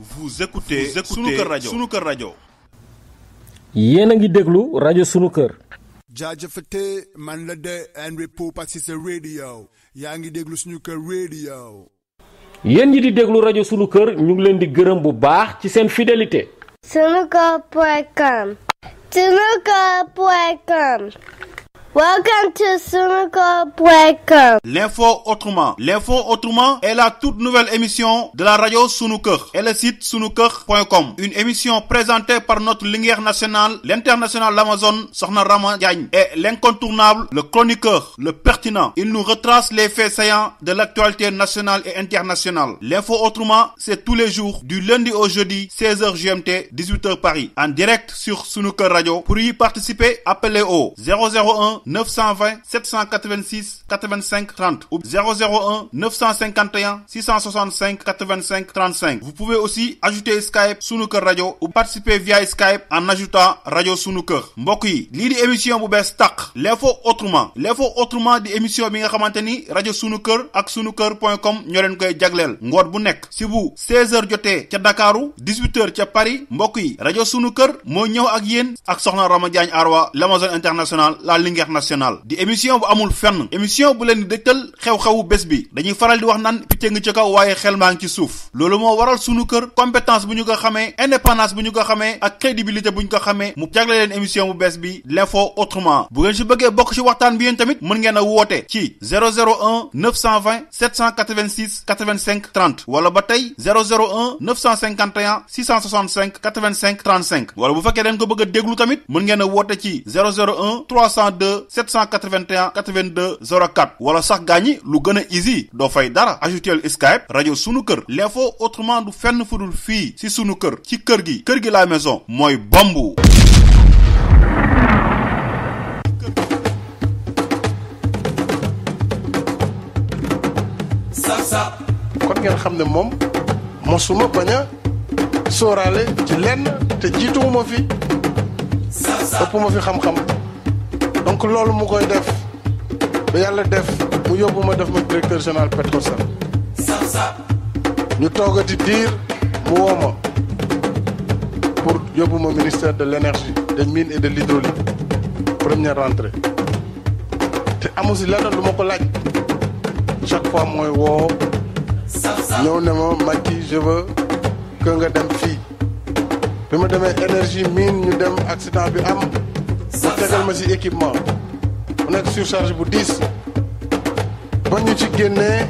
vous écoutez rajo kër rajo. yéen a ngi déglu rajo sunu kër. jaajëfate man la de Henry Poupa Cissé radio yaa ngi déglu suñu kër radio. ñi di déglu rajo sunu kër ñu ngi leen di gërëm bu baax ci seen fidélité. sunu kër point Welcome to L'info autrement. L'info autrement est la toute nouvelle émission de la radio Sunuker et le site Sunukur.com. Une émission présentée par notre lumière nationale, l'international Amazon Sornarama Rama et l'incontournable, le chroniqueur, le pertinent. Il nous retrace les faits saillants de l'actualité nationale et internationale. L'info autrement, c'est tous les jours, du lundi au jeudi, 16h GMT, 18h Paris, en direct sur Sunuker Radio. Pour y participer, appelez au 001 920 786 85 30 ou 001 951 665 85 35. Vous pouvez aussi ajouter Skype sunu Radio ou participer via Skype en ajoutant Radio sunu Mbokui, mbokk yi émission bu l'info autrement l'info autrement de émission bi nga Radio Sunuker sunu kër ak sunu si vous 16h à Dakar Dakaru 18h à Paris Mbokui, Radio rajo sunu Agien, ak Arwa l'Amazon international la linga international di émission bu amul fenn émission bu leen di dëkkal xew-xewu bés bi dañuy faral di wax naan picc ngi ca kaw waaye xel maa ngi waral sunu kër compétence bu ko xamee indépendance bu ñu ko ak crédibilité bu ñu ko émission bu l'info autrement bu ngeen si bëggee bokk si waxtaan bi tamit mën ngeen 001 920 786 85 30 wala ba 001 951 665 85 35 wala bu fekkee dañ ko bëgg 001 302 781 82 04 wala sax gañi lu gëna easy do fay dara ajuteel skype radio sunu kër l'info autrement du fenn fudul fi ci sunu kër ci kër gi kër gi la maison mooy bombu kon ngeen xam ne moom mosuma bañ a sóoraale ci lenn te jiituwuma fi ëppuma fi xam-xam donc loolu mu koy def ba yàlla def mu yóbbu ma def ma directeur général Petrosen ñu toogati diir mu woo ma pour yóbbu ma ministère de l' énergie des mines et de l'hydraulique première rentrée te amu si leneen lu ma ko laaj chaque fois mooy woo ñëw ne ma Macky je veux nga dem fii bi ma demee énergie mine ñu dem accident bi am tegal ma si équipement mu nekk surcharge bu diis ba ñu ci génne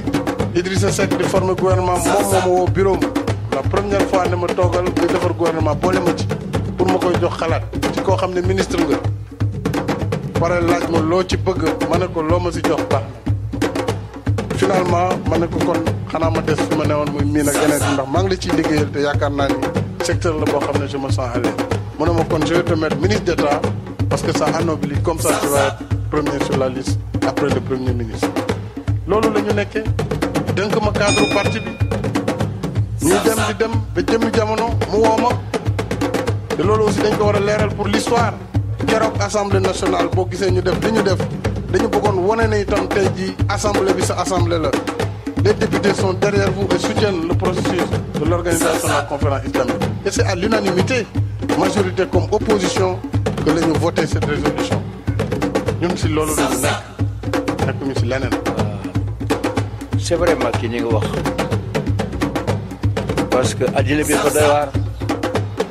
Idrissa Seck di former gouvernement moom moo ma woo bureau la première fois ma toogal ñu defar gouvernement boole ma ci pour ma koy jox xalaat koo xam ne ministre nga pare laaj loo ci bëgg ma ne ko loo ma si jox baax finalement ma ne ko kon xanaa ma des fi ma newoon muy miin ak yeneen ndax ciy liggéeyal te yaakaar naa ni secteur la boo xam ne je me sens à l'aise ma kon je vais te ministre d'état parce que ça anoblit comme ça tu vas premier sur la liste après le premier ministre lolou lañu ñu donc ma cadre parti bi ñu dem di dem ba jëm jamono mu woo ma te loolu aussi dañ ko wara léral pour l'histoire keroog assemblée nationale bo gisee ñu def li def dañu bëggoon wane ne itam tey jii assemblée bi sa assemblée la les députés sont derrière vous et soutiennent le processus de l'organisation de la conférence islamique et c'est à l'unanimité majorité comme opposition que la ñu voté cette résolution ñun si loolu la ñu nekk nekkuñu si leneen. Euh, c'est vraiment kii ñu ngi wax parce que addina bi dafa doy waar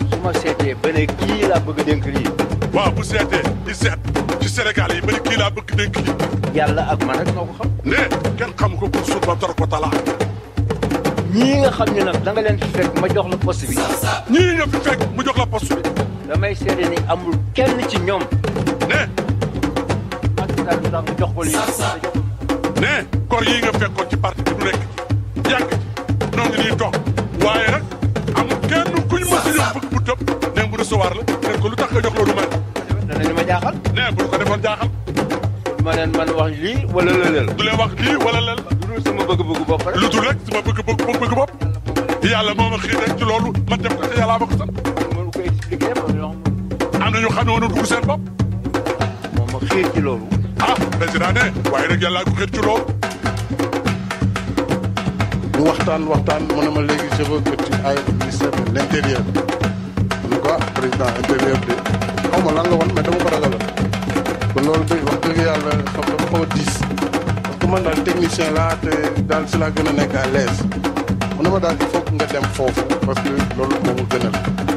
su ma seetee ba ne kii laa bëgg dénk lii. waaw bu seetee di seet ci Sénégal yi ba ne kii laa bëgg dénk lii. yàlla ak man rek noo ko xam. ne kenn xam ko pour suuf ba tor ko talaa. ñii nga xam ne nag da nga leen fi fekk ma jox la poste bi. ñii nga fi fekk mu jox la poste bi. damay seede ni amul kenn ci ñoom. ne. Macky Sall sax mu jox ko lii. ne kor yi nga fekkoon ci parti bi du nekk yàgg ci noo ngi nii toog waaye nag amul kenn kuñ mos a jox bëgg bu tëb ne mu recevoir la ne ko lu tax nga jox loolu man. danañu ma jaaxal. ne bu ko defoon jaaxal. ma neen man wax lii wala lëleel. du leen wax lii wala lëleel. lu dul sama bëgg-bëgg bopp rek. lu dul rek sama bëgg-bëgg bopp. yàlla moo ma xiir rek ci loolu man def am na ñu xam ne woon wut seen bopp. moom ma xiir ci loolu. ah président ne waaye nag yàllaa ko xiir ci loolu. ñu waxtaan waxtaan mu ne ma léegi je veux que tu ailles au ministère de l' intérieur. en tout cas président intérieur bi xaw ma lan la woon mais dama ko ragal kon loolu yàlla xam nga dafa a diis. parce que man technicien laa te daal si laa gën a nekk à l'aise mu ne ma daal il faut nga dem foofu parce que loolu moomu gënal.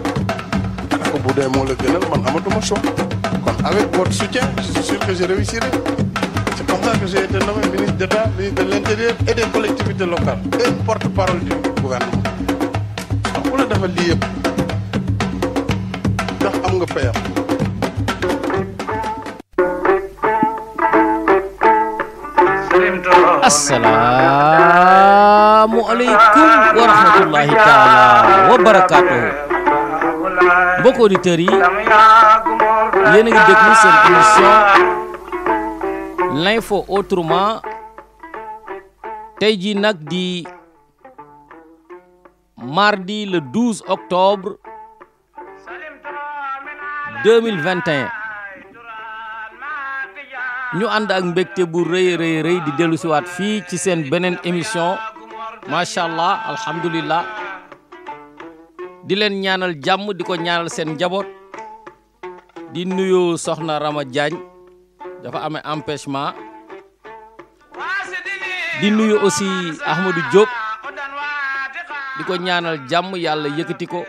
boudé mo le gënal man amatuma choix kon avec votre soutien je suis sûr que je réussirai c'est pour ça que j'ai été nommé ministre d'état ministre de l'intérieur et des collectivités locales et porte-parole du gouvernement ndax ku la dafa lii yëpp ndax am nga payam Assalamualaikum warahmatullahi taala wabarakatuh. mbokk auditeurs yi yéen a ngi déglu seen l'info autrement tey jii nag di mardi le 12 octobre 2021 ñu ànd ak mbégte bu rëy rëy rëy di dellu siwaat fii ci seen beneen émission macha allah alhamdulillah di len ñaanal jamm di ko ñaanal seen njaboot di nuyu soxna Rama Diagne dafa amé empêchement di nuyu aussi Ahmadou Diop di ko ñaanal jamm yalla yëkëti ko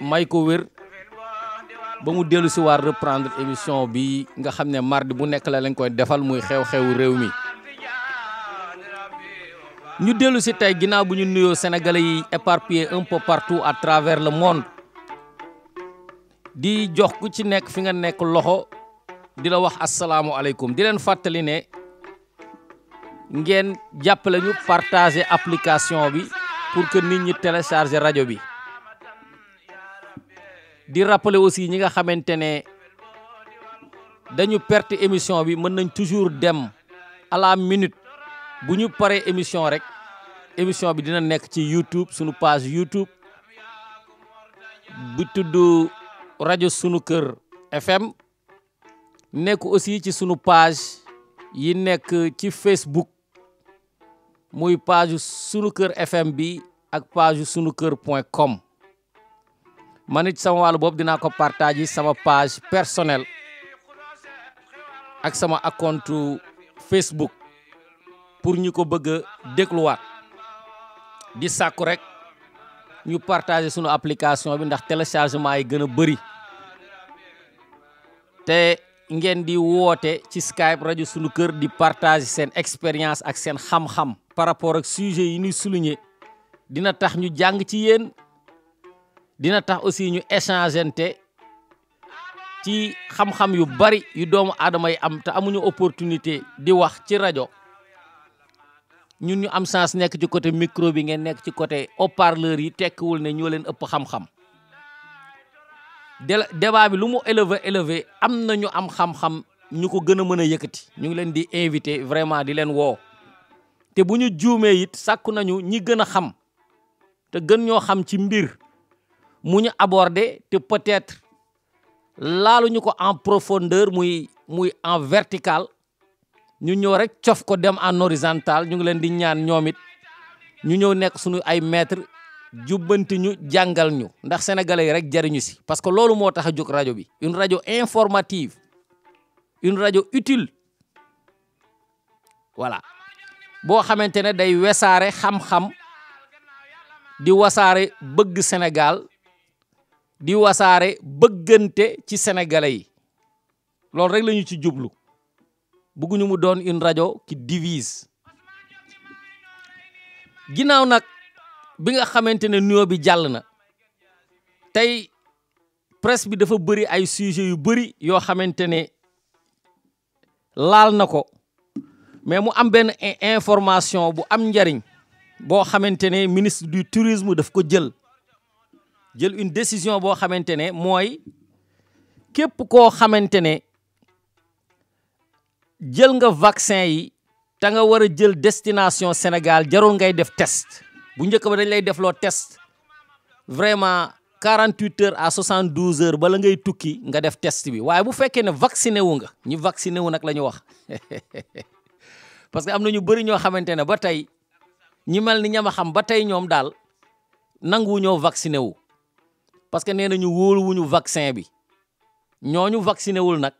may ko wër ba mu dellu ci war reprendre émission bi nga xamné mardi bu nekk la lañ koy defal muy xew xew rew mi ñu dellu ci tay ginaaw bu ñu nuyo sénégalais yi un peu partout à travers le monde di jox ku ci nekk fi nga nekk loxo di la wax alaykum di len fatali ne ngeen japp lañu partager application bi pour que nit ñi télécharger radio bi di rappeler aussi ñi nga xamantene dañu perte émission bi mën nañ toujours dem à la minute bu ñu paree émission rek émission bi dina nekk ci YouTube sunu page YouTube bu tudd rajo sunu kër FM nekk aussi ci sunu page yi nekk ci Facebook muy page sunu kër FM bi ak page sunu kër point com man it sama wàllu boobu dinaa ko partager sama page personnelle ak sama compte Facebook. pour ñu ko bëgg a dégluwaat di sàkku rek ñu partager sunu application bi ndax téléchargement yi gën a bëri te ngeen di woote ci Skype rajo sunu kër di partage seen expérience ak seen xam-xam par rapport ak sujet yi ñuy souligner dina tax ñu jàng ci yéen dina tax aussi ñu échangeante ci xam-xam yu bari yu doomu aadama yi am te amuñu opportunité di wax ci rajo ñun ñu am chance nekk ci côté micro bi ngeen nekk ci côté haut-parleur yi tekkiwul ne ñoo leen ëpp xam-xam débat bi lu mu élevé élevé am na ñu am xam-xam ñu ko gën a mën a yëkkati ñu ngi leen di invité vraiment di leen woo te bu ñu juumee it sàkku nañu ñi gën a xam te gën ñoo xam ci mbir mu ñu aborder te peut-être ñu ko en profondeur muy muy en vertical ñu ñëw rek cof ko dem en horizontal ñu ngi leen di ñaan ñoom ñu ñëw nekk suñu ay maître jubbanti ñu jàngal ñu ndax sénégalais yi rek jariñu si parce que loolu moo tax a jóg rajo bi une rajo informative une rajo utile voilà boo xamante ne day wesaare xam-xam di wasaare bëgg Sénégal di wasaare bëggante ci sénégalais yi loolu rek lañu ci jublu bëgguñu mu doon une rajo qui divise ginnaaw nag bi nga xamante ne nuyoo bi jàll na tey presse bi dafa bëri ay sujets yu bëri yoo xamante ne laal na ko mais mu am benn information bu am njariñ boo xamante ne ministre du tourisme def ko jël jël une décision boo xamante ne mooy képp koo xamante ne jël nga vaccin yi te nga war a jël destination Sénégal jarul ngay def test bu njëkk ba dañ lay def loo test vraiment 48 heures à 72 heures bala ngay tukki nga def test bi waaye bu fekkee ne vacciné wu nga ñi vacciné wu nag la ñu wax parce que am na ñu bëri ñoo xamante ne ba tey ñi mel ni a xam ba tey ñoom daal nanguwu ñoo vacciné wu parce que nee nañu wóolu wuñu vaccin bi ñooñu vacciné wul nag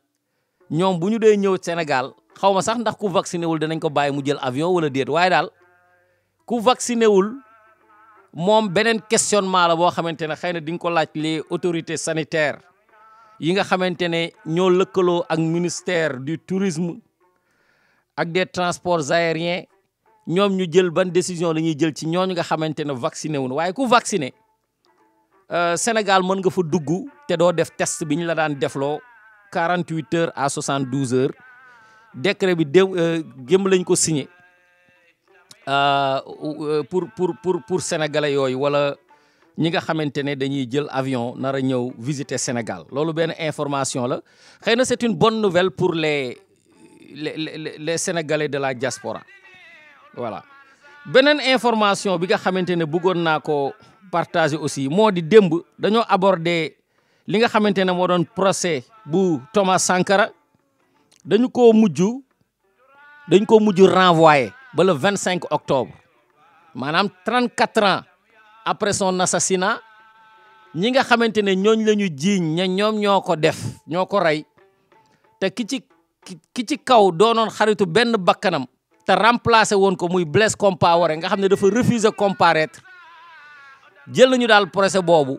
ñoom bu ñu dee ñëw Sénégal xaw ma sax ndax ku vacciné wul danañ ko bàyyi mu jël avion wala déet waaye daal ku vacciné wul moom beneen questionnement la boo xamante ne xëy na di ko laaj les autorité sanitaire yi nga xamante ne ñoo lëkkaloo ak ministère du tourisme ak des transports aériens ñoom ñu jël ban décision la ñuy jël ci ñooñu nga xamante ne vacciné wuñ waaye ku vacciné euh, Sénégal mën nga fa dugg te doo def test bi la daan defloo 48 heures à 72 heures décret bi déw euh, lañ ko signé euh, euh, pour pour pour pour sénégalais yoy wala ñi nga xamantene dañuy jël avion nara ñëw visiter Sénégal Lolu bien information la xëy c'est une bonne nouvelle pour les les les sénégalais de la diaspora voilà Benen information bi nga xamantene ne bëggoon ko partager aussi modi demb dañoo aborder li nga xamante ne moo doon procès bu Thomas Sankara dañu ko mujj dañ ko mujju renvoyé ba le vingt cinq octobre maanaam trent quatre ans après son assassinat ñi nga xamante ne ñooñ lañu ñu jiiñ ña ñoom ñoo ko def ñoo ko rey te ki ci ki ci kaw doonoon xaritu benn bakkanam te remplacé woon ko muy Blaise Compaoré nga xam ne dafa refuser comparaître jël nañu daal procès boobu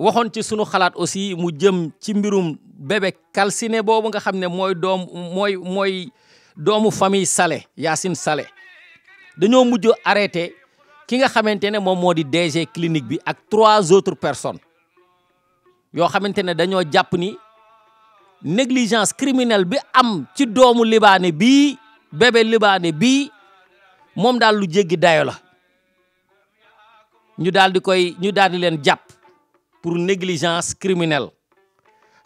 waxoon ci sunu xalaat aussi mu jëm ci mbirum bébé calciné boobu nga xam ne mooy doom mooy doomu famille Saleh yaasin sale dañoo mujj arrêté ki nga xamante ne moom moo di DG clinique bi ak trois autres personnes yoo xamante ne dañoo jàpp ni négligence criminelle bi am ci doomu libaane bii bébé libaane bii moom daal lu jéggi dayo la ñu daal di koy ñu daal di leen jàpp pour négligence criminelle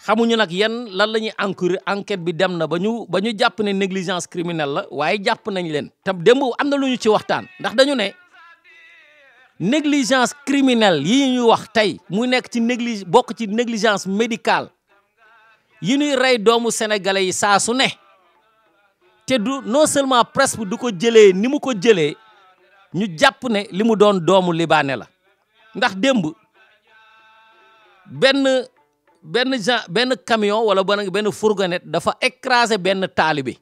xamuñu nag yan lan la ñuy encourir enquête bi dem na ba ñu ba ñu jàpp ne négligence criminelle la waaye jàpp nañ leen. te démb am na lu ñu ci waxtaan ndax dañu ne négligence criminelle yi ñuy wax tey mu nekk ci négli bokk ci négligence médicale yi ñuy rey doomu sénégalais yi saa su ne te du non seulement presque du ko jëlee ni mu ko jëlee ñu jàpp ne li mu doon doomu libaane la ndax démb. benn benn gen camion wala ba benn fourgonnette dafa écrasé benn taalibe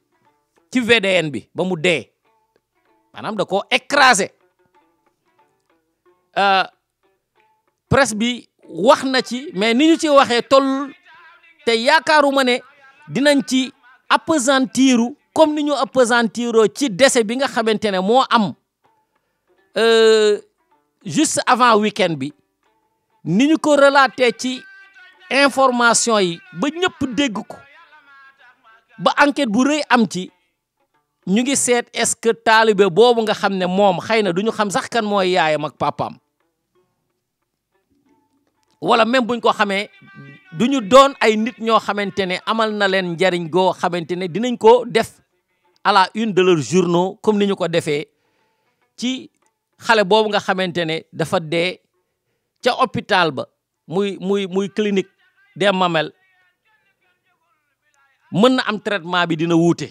ci VDN bi ba mu dee maanaam da ko écrasé euh, presse bi wax na ci mais ni ñu ci waxee tol te yaakaaruma ne dinañ ci appesantiru comme ni ñu appesantiroo ci décès bi nga xamante ne moo am euh, juste avant week bi ni ñu ko relaté ci information yi ba ñëpp dégg ko ba enquête bu rëy am ci ñu ngi seet est-ce que taalibe boobu nga xam ne moom xëy na du ñu xam sax kan mooy yaayam ak papaam wala même buñ ko xamee du ñu doon ay nit ñoo xamante ne amal na leen njariñ goo xamante ne dinañ ko def à la une de leurs journaux comme ni ñu ko defee ci xale boobu nga xamante ne dafa dee ca hôpital ba muy muy muy clinique des mamelles mën na am traitement bi dina wuute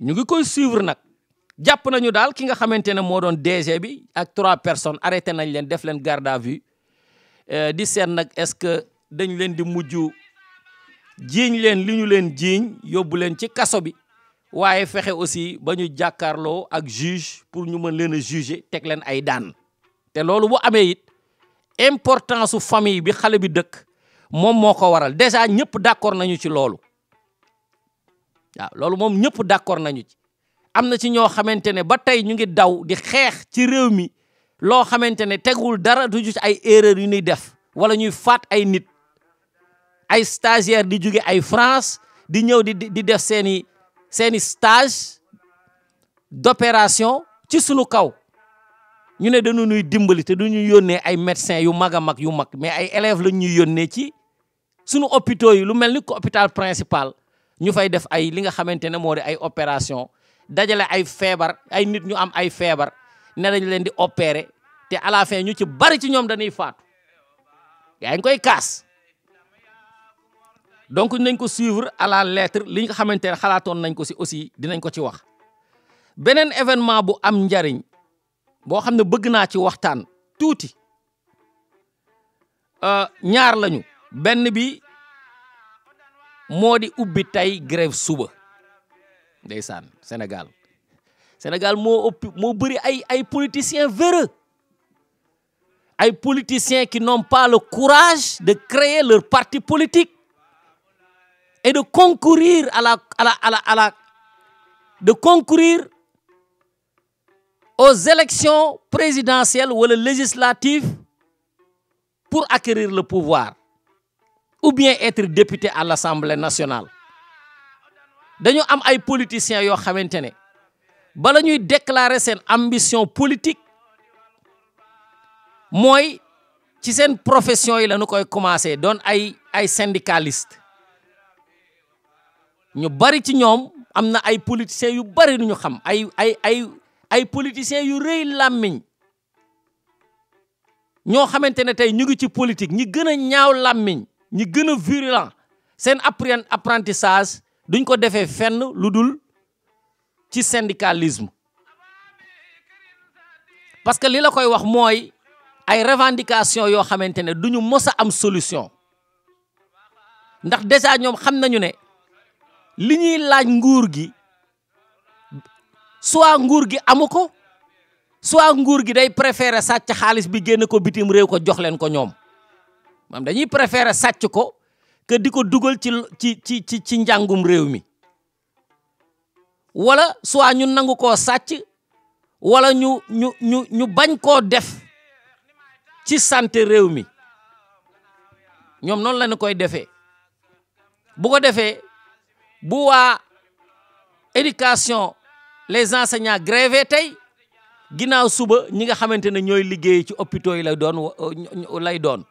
ñu ngi koy suivre nag jàpp nañu daal ki nga xamante ne moo doon DG bi ak trois personnes arrêté nañ leen def leen garde à vue euh, di seet nag est-ce que dañ leen di mujj jiiñ leen li ñu leen jiiñ yóbbu leen ci kaso bi waaye fexe aussi ba ñu jàkkaarloo ak juge pour ñu mën leen a juger teg leen ay daan te loolu bu amee it importance su famille bi xale bi dëkk moom moo ko waral déjà ñëpp d'accord nañu ci loolu waaw loolu moom ñëpp d'accord nañu ci am na ci ñoo xamante ne ba tey ñu ngi daw di xeex ci réew mi loo xamante ne tegul dara du ci ay erreur yu ñuy def wala ñuy faat ay nit ay stagiaire di juge ay France di ñëw di di def seeni seeni stage d'opération ci sunu kaw ñu ne dañu nuy dimbali te duñu yónnee ay médecins yu mag a mag yu mag mais ay élèves lañ ñuy yónnee ci sunu hôpitaux yi lu mel ni ko hôpital principal ñu fay def ay li nga xamante ne moo di ay opération dajale ay feebar ay nit ñu am ay feebar ne dañ leen di opérer te à fin ñu ci bari ci ñoom dañuy faatu yaa ngi koy kaas donc nañ ko suivre à la lettre li nga xamante ne xalaatoon nañ ko si aussi dinañ ko ci wax beneen événement bu am njariñ boo xam ne bëgg naa ci waxtaan tuuti euh, ñaar lañu benn bi moo di ubbi tey grève suba ndeysaan Sénégal Sénégal moo ëpp moo ay ay politiciens véreux ay politiciens qui n'ont pas le courage de créer leur parti politique et de concourir à la à la à à la de concourir aux élections présidentielles ou législatives pour acquérir le pouvoir ou bien être député à l'Assemblée nationale dañu am ay politiciens yo xamantene ba lañuy déclarer sen ambition politique moy ci une profession yi a koy commencer don ay ay syndicaliste ñu bari ci am ay politiciens yu bari nu ñu xam ay ay politiciens yu rëy làmmiñ ñoo xamante ne tey ñu ngi ci politique ñi gën a ñaaw làmmiñ ñi gën a virulent seen appren apprentissage duñ ko defee fenn lu dul ci syndicalisme parce que li la koy wax mooy ay revendication yoo xamante ne duñu mës a am solution ndax déjà ñoom xam nañu ne li ñuy laaj nguur gi soit nguur gi amu ko soit nguur gi day préférer sàcc xaalis bi génne ko bitim réew ko jox leen ko ñoom maam dañuy préférer sàcc ko que di ko dugal ci ci ci ci njàngum réew mi wala soit ñu nangu ko sàcc wala ñu ñu ñu ñu bañ koo def ci santé réew mi ñoom noonu la koy defee bu ko defee bu waa éducation les enseignants grévé tey ginnaaw suba ñi nga xamante ne ñooy liggéey ci hôpitaux yi lay doon lay doon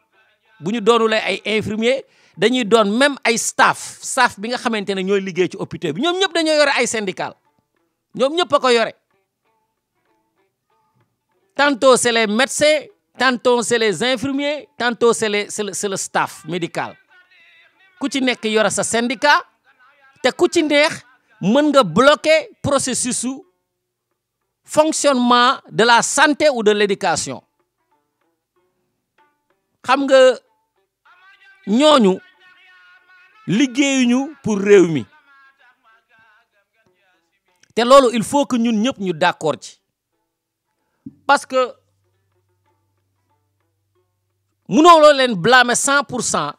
bu ñu doonu lay ay infirmier dañuy doon même ay staff staff bi nga xamante ne ñooy liggéey ci hôpitaux bi ñoom ñëpp dañoo yore ay syndical ñoom ñëpp a ko yore tanto c'est les médecins tantôt c'est les infirmiers tantôt c'est les c'est le staff médical ku ci nekk yore sa syndicat te ku ci neex mën nga bloquer processus de fonctionnement de la santé ou de l'éducation xam nga ñooñu liggéeyuñu pour réew mi loolu il faut que nous soyons ñu d'accord parce que si nous leen blâmer pas pour cent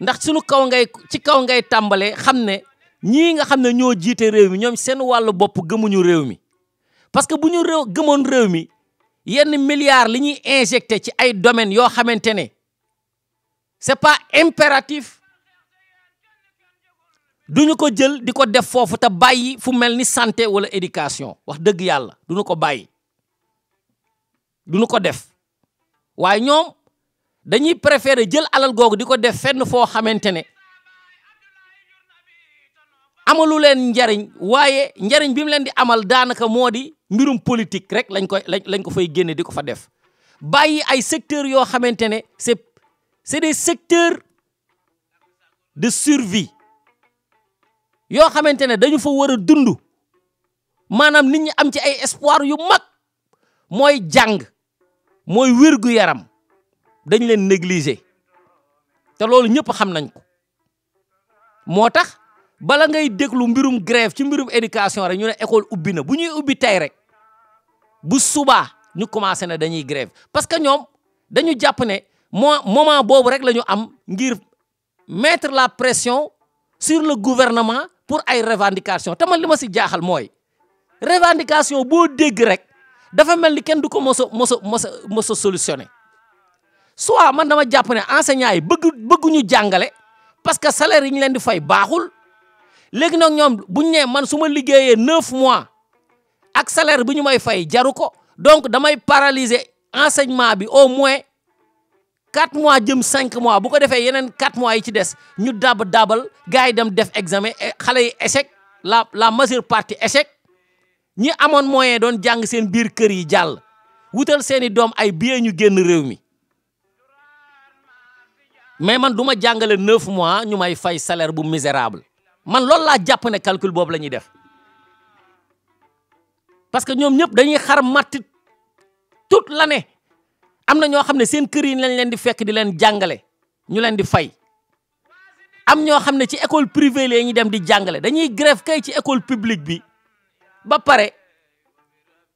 ndax suñu kaw ngay ci kaw ngay ni nga xam ne ñoo jiite réew mi ñoom seen wàllu bopp gëmuñu réew mi parce que bu ñu réew gëmoon réew mi yenn milliards li ñuy injecté ci ay domaines yoo xamante ne c'est pas impératif duñu ko jël di ko def foofu te bàyyi fu mel ni santé wala éducation wax dëgg yàlla duñu ko bàyyi duñu ko def waaye ñoom dañuy préférer jël alal googu di ko def fenn foo xamante ne amalu leen njariñ waaye njariñ bi leen di amal daanaka moo di mbirum politique rek lañ koy lañ ko fay génne di ko fa def bàyyi ay secteurs yoo xamante ne c'est c'est des secteurs de survi yoo xamante ne dañu fa war a dund maanaam nit ñi am ci ay espoir yu mag mooy jàng mooy wérgu yaram dañ leen négliger te loolu ñëpp xam nañ ko moo tax bala ngay déglu mbirum grève ci mbirum éducation rek ñu ne école ubbi na bu ñuy ubbi tey rek bu subaa ñu commencé na dañuy grève parce que ñoom dañu jàpp ne moo moment boobu rek la ñu am ngir mettre la pression sur le gouvernement pour ay revendication te man li ma si jaaxal mooy revendication boo dégg rek dafa mel ni kenn du ko mos a mos a mos a mos a solutionné soit man dama jàpp ne enseignants yi bëgg bëgguñu jàngale parce que salaire yi ñu leen di fay baaxul léegi nag ñoom bu ñu man su ma liggéeyee neuf mois ak salaire bu ñu may fay jaru ko donc damay paralyser enseignement bi au moins quatre mois jëm cinq mois bu ko defee yeneen quatre mois yi ci des ñu dab dabal gars yi dem def examen eh, xale yi échec la la majeure partie échec ñi amoon moyen doon jàng seen biir kër yi jàll wutal seeni doom ay billet ñu génn réew mi mais man duma ma jàngale neuf mois ñu may fay salaire bu misérable man loolu laa jàpp ne calcul boobu la def parce que ñoom ñëpp dañuy xar matti toute l'année am na ñoo xam ne seen kër yi lañ leen di fekk di leen jàngale ñu leen di fay am ñoo xam ne ci école privée la ñuy dem di jàngale dañuy grève kay ci école publique bi ba pare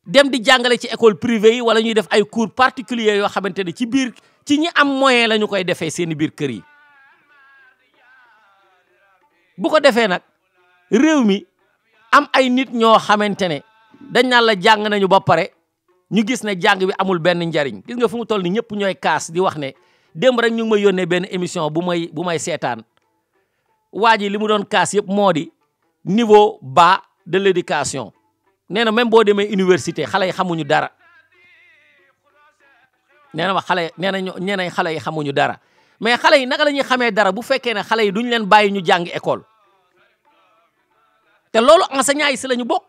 dem di jàngale ci école privée yi wala ñuy def ay cours particuliers yoo xamante ne ci biir ci ñi am moyen la ñu koy defee seen biir kër yi bu ko defee nag réew mi am ay nit ñoo xamante ne dañ naan la jàng nañu ba pare ñu gis ne jàng bi amul benn njariñ gis nga fu mu toll ni ñëpp ñooy kaas di wax ne démb rek ñu ngi yónnee benn émission bu may bu may seetaan waa ji li mu doon kaas yëpp moo di niveau bas de l'éducation nee na même boo demee université xale yi xamuñu dara nee na ma xale nee na ñeneen xale yi xamuñu dara mais xale yi naka la ñuy xamee dara bu fekkee ne xale yi duñ leen bàyyi ñu jàng école te loolu enseignant yi si lañu ñu bokk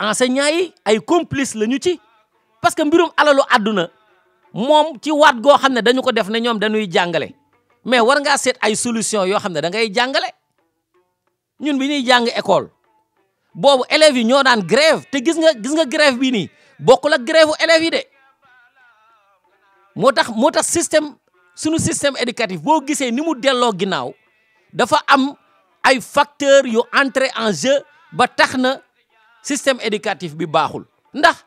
enseignant yi ay complice lañu ci parce que mbirum alalu àdduna moom ci waat goo xam ne dañu ko def ne ñoom dañuy jàngale mais war ngaa seet ay solution yoo xam ne da ngay jàngale ñun bi ñuy jàng école boobu élèves yi ñoo daan grève te gis nga gis nga grève bii nii bokkul ak grève u yi de moo tax moo tax système sunu système éducatif boo gisee ni mu delloo ginnaaw dafa am ay facteurs yu entrer en jeu ba tax na système éducatif bi baaxul ndax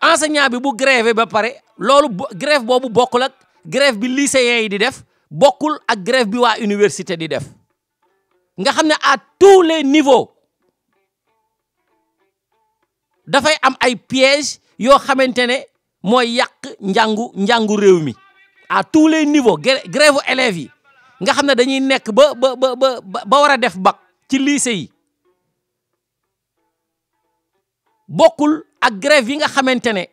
enseignant bi bu grève ba pare loolu grève boobu bokkul ak grève bi lycéens yi di def bokkul ak grève bi waa université di def nga xam ne à tous les niveaux dafay am ay pièges yoo xamante ne mooy yàq njàngu njàngu réew mi à tous les niveaux grève élève yi nga xam ne dañuy nekk ba ba ba ba a def bac ci lycée yi bokkul ak grève yi nga xamante ne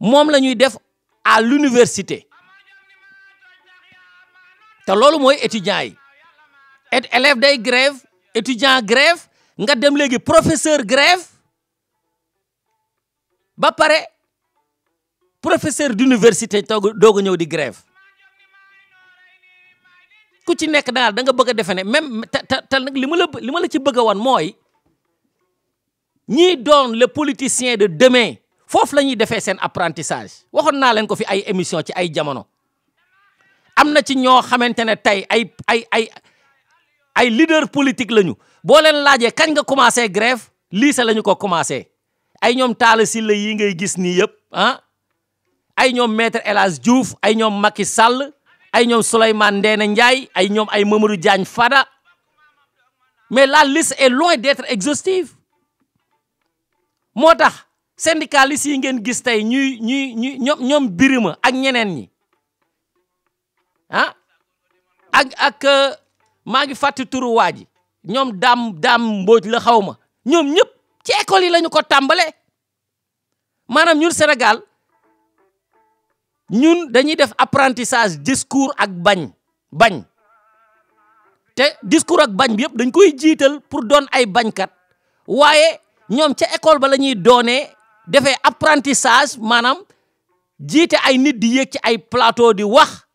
moom la ñuy def à l'université te loolu mooy étudiant yi et élève day grève étudiant grève nga dem léegi professeur grève ba pare professeur d'université toog doog ñëw di grève ku ci nekk daal da nga bëgg a defe ne même te nag li ma la li la ci bëgg wan mooy ñii doon le politicien de demain foofu lañu ñuy seen apprentissage waxoon naa leen ko fi ay émission ci ay jamono am na ci ñoo xamante ne tey ay ay ay ay leader politique lañu boo leen laajee kañ nga commencé grève lycée la ñu ko commencé ay ñoom Talla Sylla yi ngay gis nii yëpp ah ay ñoom maître El Hadj Diouf ay ñoom Macky Sall ay ñoom Souleymane Ndéné Ndiaye ay ñoom ay Mamadou Diagne Fada mais la liste est loin d'être exhaustive moo tax syndicalistes yi ngeen gis tey ñuy ñuy ñuy ñoom ñoom Birima ak ñeneen ñi ah ak ak euh, maa ngi fàtti turu waa ji ñoom daam daam mbooj la xaw ma ñoom ñëpp ci école yi lañu ko tàmbale maanaam ñun Sénégal ñun dañuy def apprentissage discours ak bañ bañ te discours ak bañ bi yëpp dañ koy jiital pour doon ay bañkat waaye ñoom ca école ba la ñuy doonee defee apprentissage maanaam jiite ay nit di yéeg ci ay plateau di wax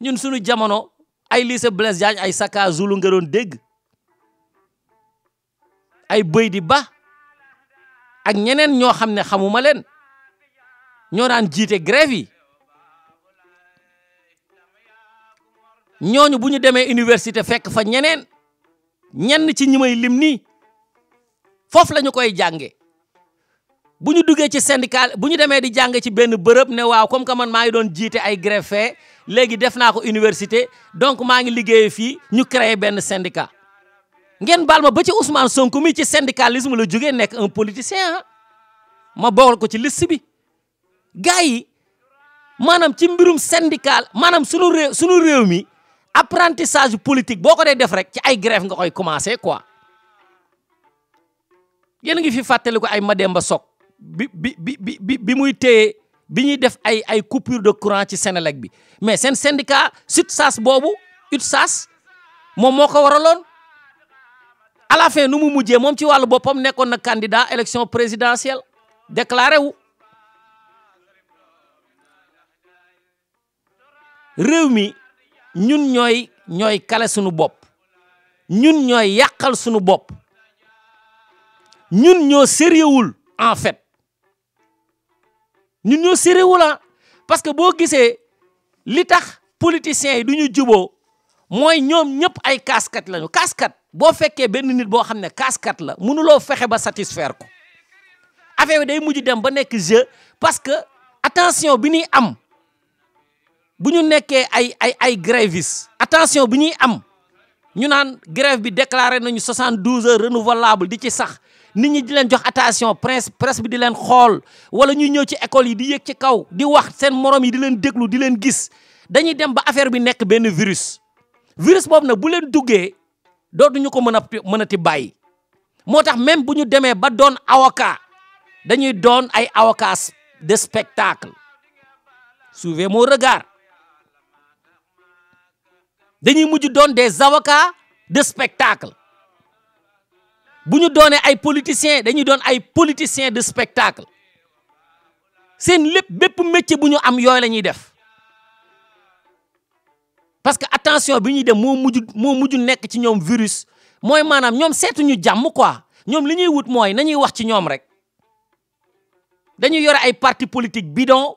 ñun suñu jamono ay lycée Blaise Diagne ay Saka Zulu nga doon dégg ay bëy ba ak ñeneen ñoo xam ne xamuma leen ñoo daan jiite grève yi ñooñu bu ñu demee université fekk fa ñeneen ñenn ci ñi may lim nii foofu la ñu koy jànge bu ñu duggee ci syndical bu ñu demee di jàng ci benn bërëb ne waaw comme que man maa ngi doon jiite ay greffes léegi def naa ko université donc maa ngi liggéeye fii ñu créé benn syndicat ngeen baal ma ba ci Ousmane Sonko mi ci syndicalisme la jugee nekk un politicien ah. ma bokkal ko ci liste bi gars yi maanaam ci mbirum syndical maanaam sunu réew sunu réew mi apprentissage politique boo ko dee def rek ci ay grève nga koy commencé quoi yéen ngi fi fàttali ko ay Mademba Sock bi bi bi bi bi muy téye bi ñuy def ay ay coupure de courant ci Sénélec bi mais seen syndicat SUTSAS boobu UTSAS moom moo ko waraloon à la fin nu mu mujjee moom ci wàllu boppam nekkoon na candidat élection présidentielle déclaré wu. mi ñun ñooy ñooy kale suñu bopp ñun ñooy yàqal suñu bopp ñun ñoo sérieuxwul en fait ñun ñoo sérieuxwul ah parce que boo gisee li tax politiciens yi du ñu juboo mooy ñoom ñëpp ay kaaskat lañu kaaskat boo fekkee benn nit boo xam ne kaaskat la mënuloo fexe ba satisfaire ko affaire day mujj dem ba nekk jeu parce que attention bi ñuy am bu ñu nekkee ay ay ay grévistes attention bu ñuy am ñu naan grève bi déclaré nañu 72 heures renouvelable di ci sax ni ñu di leen jox attention presse presse bi di leen xool wala ñuy ñëw ci école yi di yëg ci kaw di wax seen moroom yi di leen déglu di leen gis dañuy dem ba affaire bi nekk benn virus. virus boobu nag bu leen duggee dootuñu ko mën a mën a ti bàyyi moo tax même bu ñu demee ba doon avocat dañuy doon ay avocats de spectacle suivez mon regard. dañuy mujj doon des avocats de spectacle bu ñu doonee ay politiciens dañuy doon ay politiciens de spectacle seen lépp bépp métier bu ñu am yooy la ñuy def parce que attention bi ñuy dem moo mujj moo mujj nekk ci ñoom virus mooy maanaam ñoom seetuñu jàmm quoi ñoom li ñuy wut mooy nañuy wax ci ñoom rek dañuy yore ay parti politique bidon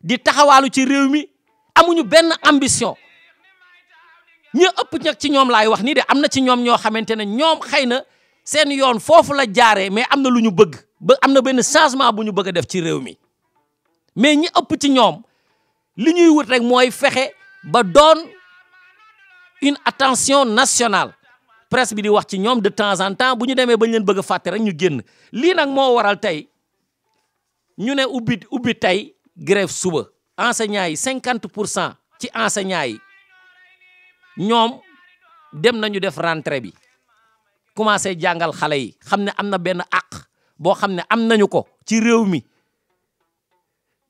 di taxawaalu ci réew mi amuñu benn ambition ñu ëpp ñag ci ñoom laay wax nii de am na ci ñoom ñoo xamante ne ñoom xëy na seen yoon foofu la jaaree mais am na lu ñu bëgg ba am na benn changement bu ñu bëgg a def ci réew mi mais ñi ëpp ci ñoom li ñuy wut rek mooy fexe ba doon une attention nationale presse bi di wax ci ñoom de temps en temps bu ñu demee bañ leen bëgg a fàtte rek ñu génn lii nag moo waral tey ñu ne ubbi ubbi tey grève suba enseignants yi cinquante pour cent ci enseignants yi ñoom dem nañu def rentrée bi commencé jàngal xale yi xam ne am na benn àq boo xam ne am nañu ko ci réew mi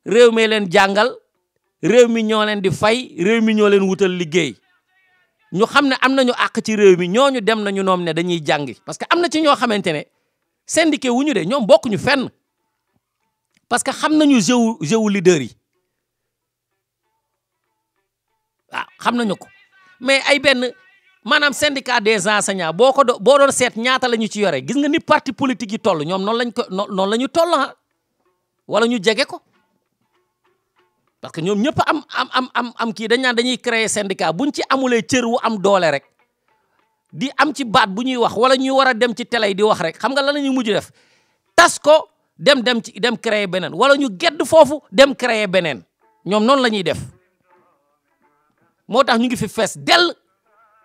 réew mi leen jàngal réew mi ñoo leen di fay réew mi ñoo leen wutal liggéey ñu xam ne am nañu àq ci réew mi ñooñu dem nañu noom ne dañuy jàngi parce que am na ci ñoo xamante ne syndiqué wu ñu de ñoom bokkuñu fenn parce que xam nañu jeu jeu leader yi waaw xam nañu ko mais ay benn maanaam syndicat des enseignants boo ko do boo doon seet ñaata la ñu ci yore gis nga ni parti politique yi toll ñoom noonu lañ ko noonu la ñu toll ah. wala ñu jege ko parce que ñoom ñëpp am am am am am kii dañ naan dañuy créer syndicat buñ ci amulee cër wu am doole rek di am ci baat bu ñuy wax wala ñuy war a dem ci télé di wax rek xam nga lan la ñuy mujj def tas ko dem dem ci dem créer beneen wala ñu gedd foofu dem créer beneen ñoom noonu la ñuy def. motax ñu ngi fi fess del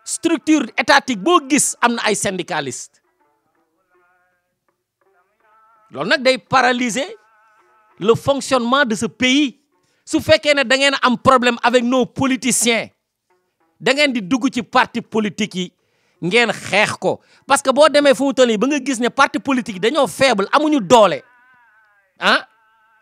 structure étatique bo gis amna ay syndicaliste lool nak day paralyser le fonctionnement de ce pays su fekké né da ngeen am problème avec nos politiciens da ngeen di dugg ci parti politique yi ngeen xeex ko parce que bo démé fu mu ba nga gis né parti politique dañoo faible amuñu doolé ah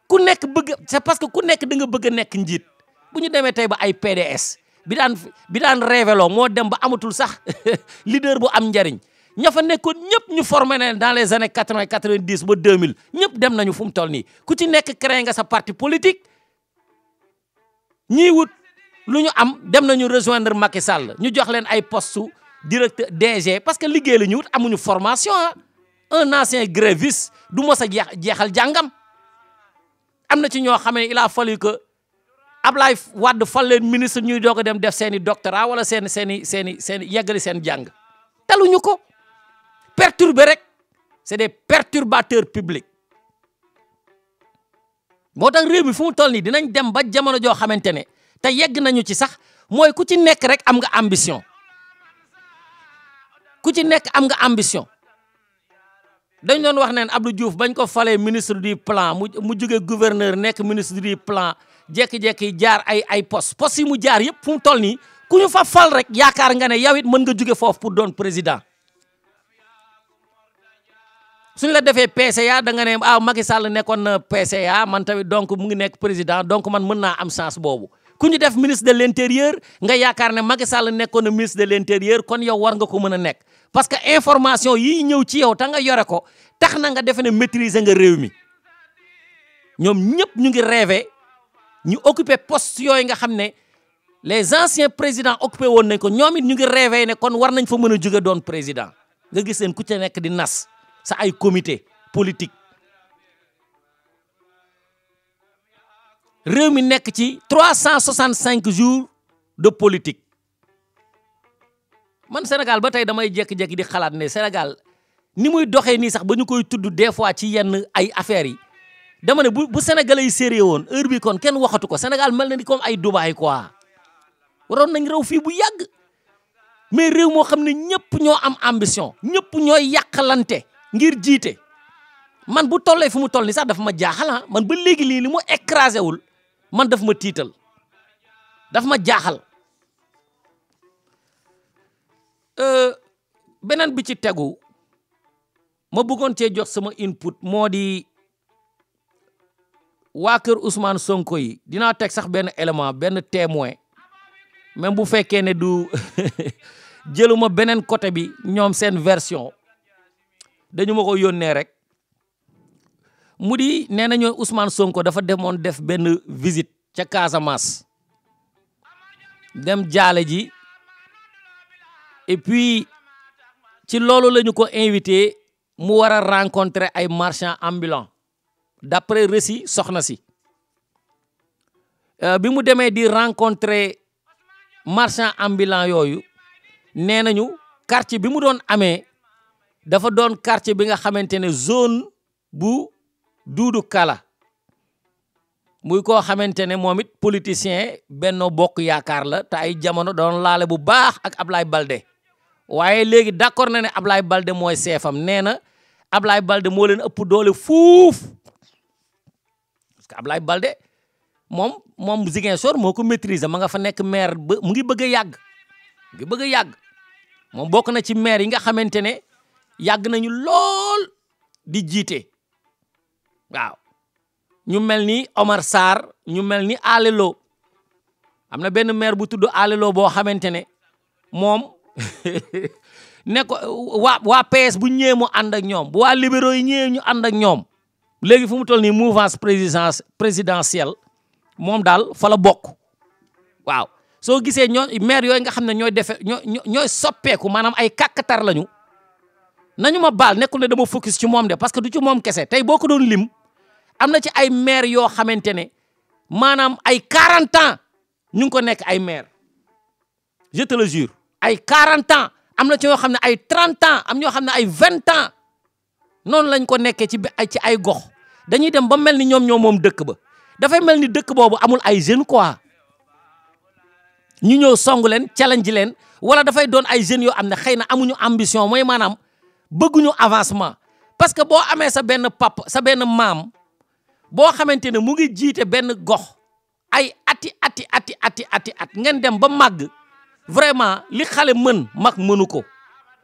ku nekk bëgg c'est parce que ku nekk da nga bëgg a nekk njiit bu ñu ba ay PDS bi daan bi daan révélo moo dem ba amatul sax leader bu am njariñ ña fa nekkoon ñëpp ñu formé ne dans les années quatre vingt quatre vingt dix ba deux mille ñëpp dem nañu fu mu toll nii ku ci nekk créé nga sa parti politique ñii wut lu ñu am dem nañu rejoindre Macky Sall ñu jox leen ay poste directeur DG parce que liggéey la ñu wut amuñu formation ah un ancien gréviste du mos a jeexal jàngam am na ci ñoo xamee il a fallu Ablaye wad fa leen ministre ñuy doog dem def seni i doctorat wala seen seen i seen i seen yeggali seen jàng taluñu ko perturber rek c'est des perturbateurs publics motax rew mi fu mu toll dinañ dem ba jamono jo xamantene te yegg nañu ci sax moy ku ci nek rek am nga ambition ku ci nek am nga ambition dañ doon wax neen Abdou Diouf bañ ko falé ministre du plan mu joggé gouverneur nek ministre du plan jekki-jekki jaar ay ay poste yi mu jaar yëpp fu mu toll nii ku ñu fa fal rek yaakaar nga ne yow it mën nga jóge foofu pour don président suñ la defee PCA da nga ne ah Macky Sall nekkoon na PCA man tamit donc mu ngi nekk président donc man mën naa am chance boobu ku ñu def ministre de l'intérieur nga yaakaar ne Macky Sall nekkoon na ministre de l'intérieur kon yow war nga ko mën a nekk parce que information yi ñëw ci yow ta nga yore ko tax na nga defee ne maîtriser nga réew mi ñoom ñëpp ñu ngi rêvé ñu occuper poste yoy nga xamné les anciens présidents occupé woon nañ ko ñomit ñu ngi rêvé ne kon war nañ fa mëna a doon président nga gis leen ku ci nek di nas sa ay comité politique réew mi nek ci 365 jours de politique man Sénégal ba tay damay jékki-jékki di xalat né Sénégal ni muy doxé ni sax bañu koy tuddu des fois ci yenn ay affaires yi dama ne bu bu sénégalais yi sérieux woon heure bi kon kenn waxatu ko Sénégal mel na ni comme ay Dubaay quoi waroon nañ raw fii bu yàgg mais réew moo xam ne ñëpp ñoo am ambition ñëpp ñooy yàqalante ngir jiite man bu tollee fu mu toll ni sax dafa ma jaaxal ah. man ba léegi lii li mu écrasé wul man daf ma tiital daf ma jaaxal euh, beneen bi ci tegu ma bëggoon cee jox sama input moo di waa kër Ousmane Sonko yi dinaa teg sax benn élément benn témoin même bu fekkee ne du jëluma beneen côté bi ñoom seen version dañu ma ko yónnee rek mu di nee na ñooy Sonko dafa demoon def benn visite ca Casamance dem jaale ji et puis ci loolu lañu ko invité mu war a rencontrer ay marchands ambulants d'après récit soxna si euh, bi mu demee di rencontrer marchand ambulant yooyu nee nañu quartier bi mu doon amee dafa doon quartier bi nga xamante ne zone bu duudu kala muy koo xamante ne moom it politicien Benno Bokk Yaakaar la te ay jamono doon laale bu baax ak Ablaye Balde waaye léegi d'accord na ne Ablaye Balde mooy seefam nee na Ablaye Balde moo leen ëpp doole fuuf que Ablaye Balde moom moom Ziguinchor moo ko maîtriser ma nga fa nekk maire mu ngi bëgg a yàgg mu bëgg a yàgg moom bokk na ci maire yi nga xamante ne yàgg nañu lool di jiite waaw ñu mel ni Omar Sarr ñu mel ni Alelo am na benn maire bu tudd Alelo boo xamante ne moom ne ko waa waa PS bu ñëwee mu ànd ak ñoom bu waa libéraux yi ñëwee ñu ànd ak ñoom léegi fu mu toll nii mouvance présidence présidentielle mom dal fa la bokk waaw so gisee ñoo maire yooyu nga xamné ñoy défé ñoy ñoo ñooy soppeeku ay kakatar lañu nañu ma baal nekkul ne dama focus ci mom dé parce que du ci mom kessé tay boko doon lim amna ci ay maire yo xamante manam ay 40 ans ñu ko nek ay maire je te le jure ay 40 ans amna ci yo xamné ay 30 ans am ñoo xamné ay 20 ans non lañ ko nekkee ci ci ay gox dañuy dem ba mel ni ñoom ñoom moom dëkk ba dafay mel ni dëkk boobu amul ay jeunes quoi ñu ñëw song leen challenge leen wala dafay doon ay jeunes yoo am ne xëy na amuñu ambition mooy maanaam bëgguñu avancement. parce que boo amee sa benn papa sa benn maam boo xamante ne mu ngi jiite benn gox ay ati ati ati ati ati at ngeen dem ba màgg vraiment li xale mën mag mënu ko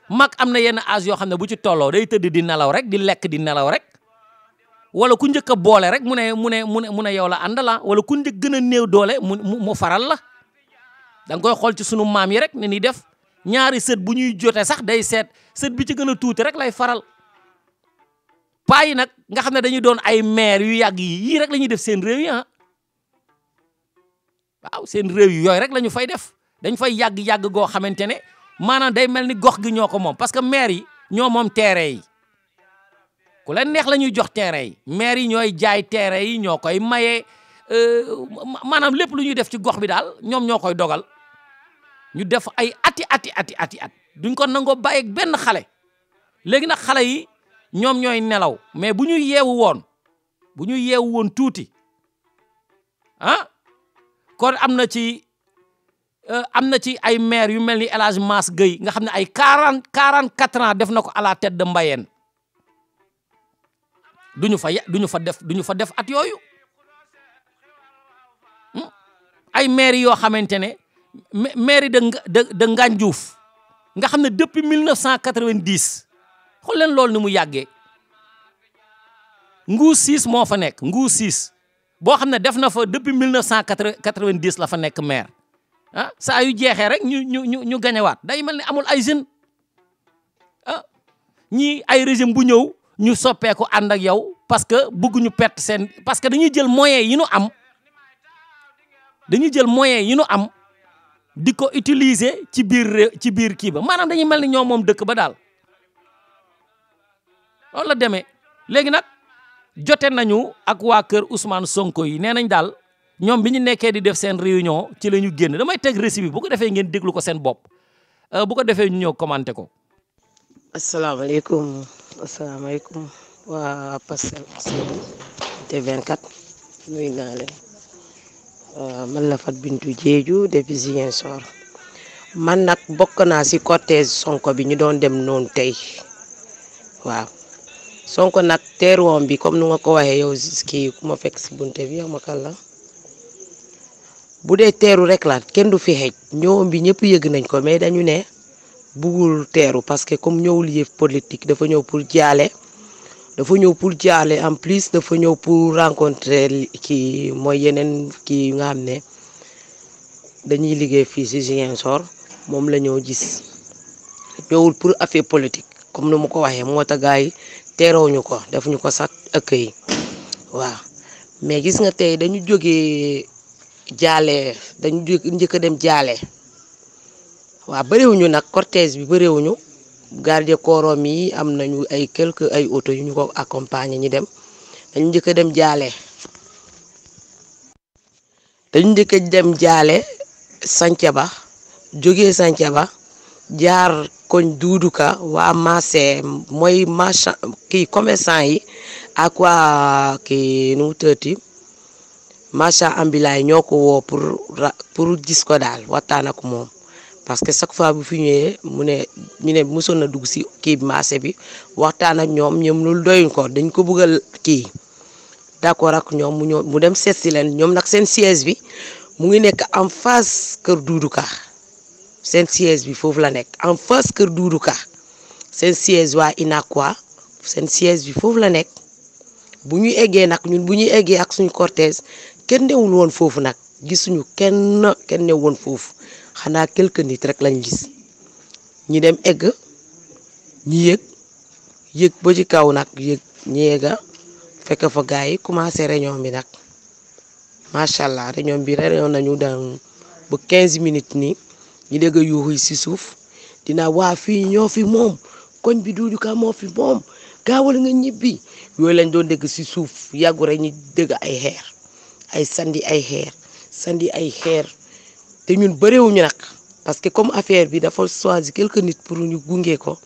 mag am na yenn âge yoo xam ne bu ci tolloo day tëdd di nelaw rek di lekk di nelaw rek. wala ku njëkk a boole rek mu ne mu ne mu ne mu ne yow la àndala ah, wala ku njëkk gën a néew doole mu mu faral la da koy xool ci sunu maam yi rek ne ni def ñaari sët bu ñuy jote sax day seet sët bi ci gën a tuuti rek lay faral paa nag nga xam ne dañuy doon ay maire yu yàgg yi yii rek la ñuy def seen réew yi ah waaw seen réew yi yooyu rek lañu fay def dañ fay yàgg-yàgg goo xamante ne maanaam day mel ni gox gi ñoo ko moom parce que maire yi ñoo moom terrain yi ku neex la ñuy jox terrain yi maire yi ñooy jaay terrain yi ñoo koy maye euh, maanaam lépp lu ñuy def ci gox bi daal ñoom ñoo koy dogal ñu def ay ati ati ati ati at duñ ko nangoo bàyyeeg benn xale léegi nag xale yi ñoom ñooy nelaw mais bu ñuy yeewu woon bu ñu yeew woon tuuti ah kon am na ci euh, am na ci ay maire yu mel ni El Hadj Mass Gueye nga xam ne ay quarante quarante quatre ans def na ko à de Mbayeen duñu fa duñu fa def duñu fa def at yooyu hmm? ay mairie yoo xamante ne mairie nga de de Ngandiouf nga xam ne depuis 1990 xool leen loolu ni mu yàggee nguur siis moo fa nekk nguur siis boo xam ne def na fa cent depuis 1990 la fa nekk maire ah saa yu jeexee rek ñu ñu ñu ñu gañewaat day mel ni amul ay jeunes ah ñii ay régime bu ñëw. ñu soppeeku ànd ak yow parce que bëgguñu perte seen parce que dañuy jël moyens yi nu am dañuy jël moyens yi nu am di ko utiliser ci biir ci biir kii ba maanaam dañuy mel ni ñoom moom dëkk ba daal loolu la demee léegi nag jote nañu ak waa kër Ousmane Sonko yi nee nañ daal ñoom bi ñu nekkee di def seen réunion ci la ñu génn damay teg récit bi bu ko defee ngeen déglu ko seen bopp euh, bu ko defee ñu ñëw commenté ko. asalaamaaleykum. asalaamaaleykum waa Pastef te 24 nuyu naa leen euh, man la Fat Bintou Diédhiou depuis Ziguinchor man nag bokk naa ci cortège Sonko bi ñu doon dem noon tey waaw Sonko nag teeroom bi comme nu nga ko waxee yow kii ku ma fekk ci bunte bi yow la bu dee teeru rek la kenn du fi xeej bi ñëpp yëg nañ ko mais dañu ne. buggul teeru parce que comme ñëwul yëpp politique dafa ñëw pour jaale dafa ñëw pour jaale en plus dafa ñëw pour rencontrer kii mooy yeneen kii nga xam ne dañuy liggéey fii si Ziguinchor moom la ñëw gis ñëwul pour affaire politique comme ni mu ko waxee moo tax gars yi teeroo ñu ko def ñu ko sax ëkk yi waaw mais gis nga tey dañu jógee jaale dañu jóg njëkk a dem jaale waa bëriwuñu nag cortège bi bëriwuñu garde koorom yi am nañu ay quelque ay auto yu ñu ko accompagner ñi dem dañu njëkk a dem jaale dañu njëkk a dem jaale Santhiaba jógee Santhiaba jaar koñ duuduka waa marché mooy marchand kii commerçant yi ak waa kii nu mu tëti marchand ñoo ko woo pour pour gis ko daal waxtaan moom parce que chaque fois bu fi ñëwee mu ne ñu ne mosoon na dugg si kii bi marché bi waxtaan ak ñoom ñoom loolu doyuñ ko dañ ko bëgg a kii d'accord ak ñoom mu dem seet leen ñoom nag seen siège bi mu ngi nekk en fas kër Doudou seen siège bi foofu la nekk en face kër Doudou Ka seen siège seen siège bi foofu la nekk bu ñu eggee nag ñun bu ñuy eggee ak suñu cortège kenn newul woon foofu nag gisuñu kenn kenn newul woon foofu xanaa quelques nit rek lañ gis ñi dem egg ñi yëg yëg ba ci kaw nag yëg ñi yëga fekk fa gars yi commencé réunion bi nag macha allah réunion bi réunion nañu daan ba 15 minutes ni ñu dégg a yuuxu si suuf dinaa waa fii ñoo fi moom koñ bi Doudou Ka moo fi moom gaawal nga ñibbi yooyu lañ doon dégg si suuf yàggu rek ñu dégg ay xeer ay sandi ay xeer sandi ay xeer. te ñun bëriwuñu nag parce que comme affaire bi dafa choisir quelques nit pour ñu gungee ko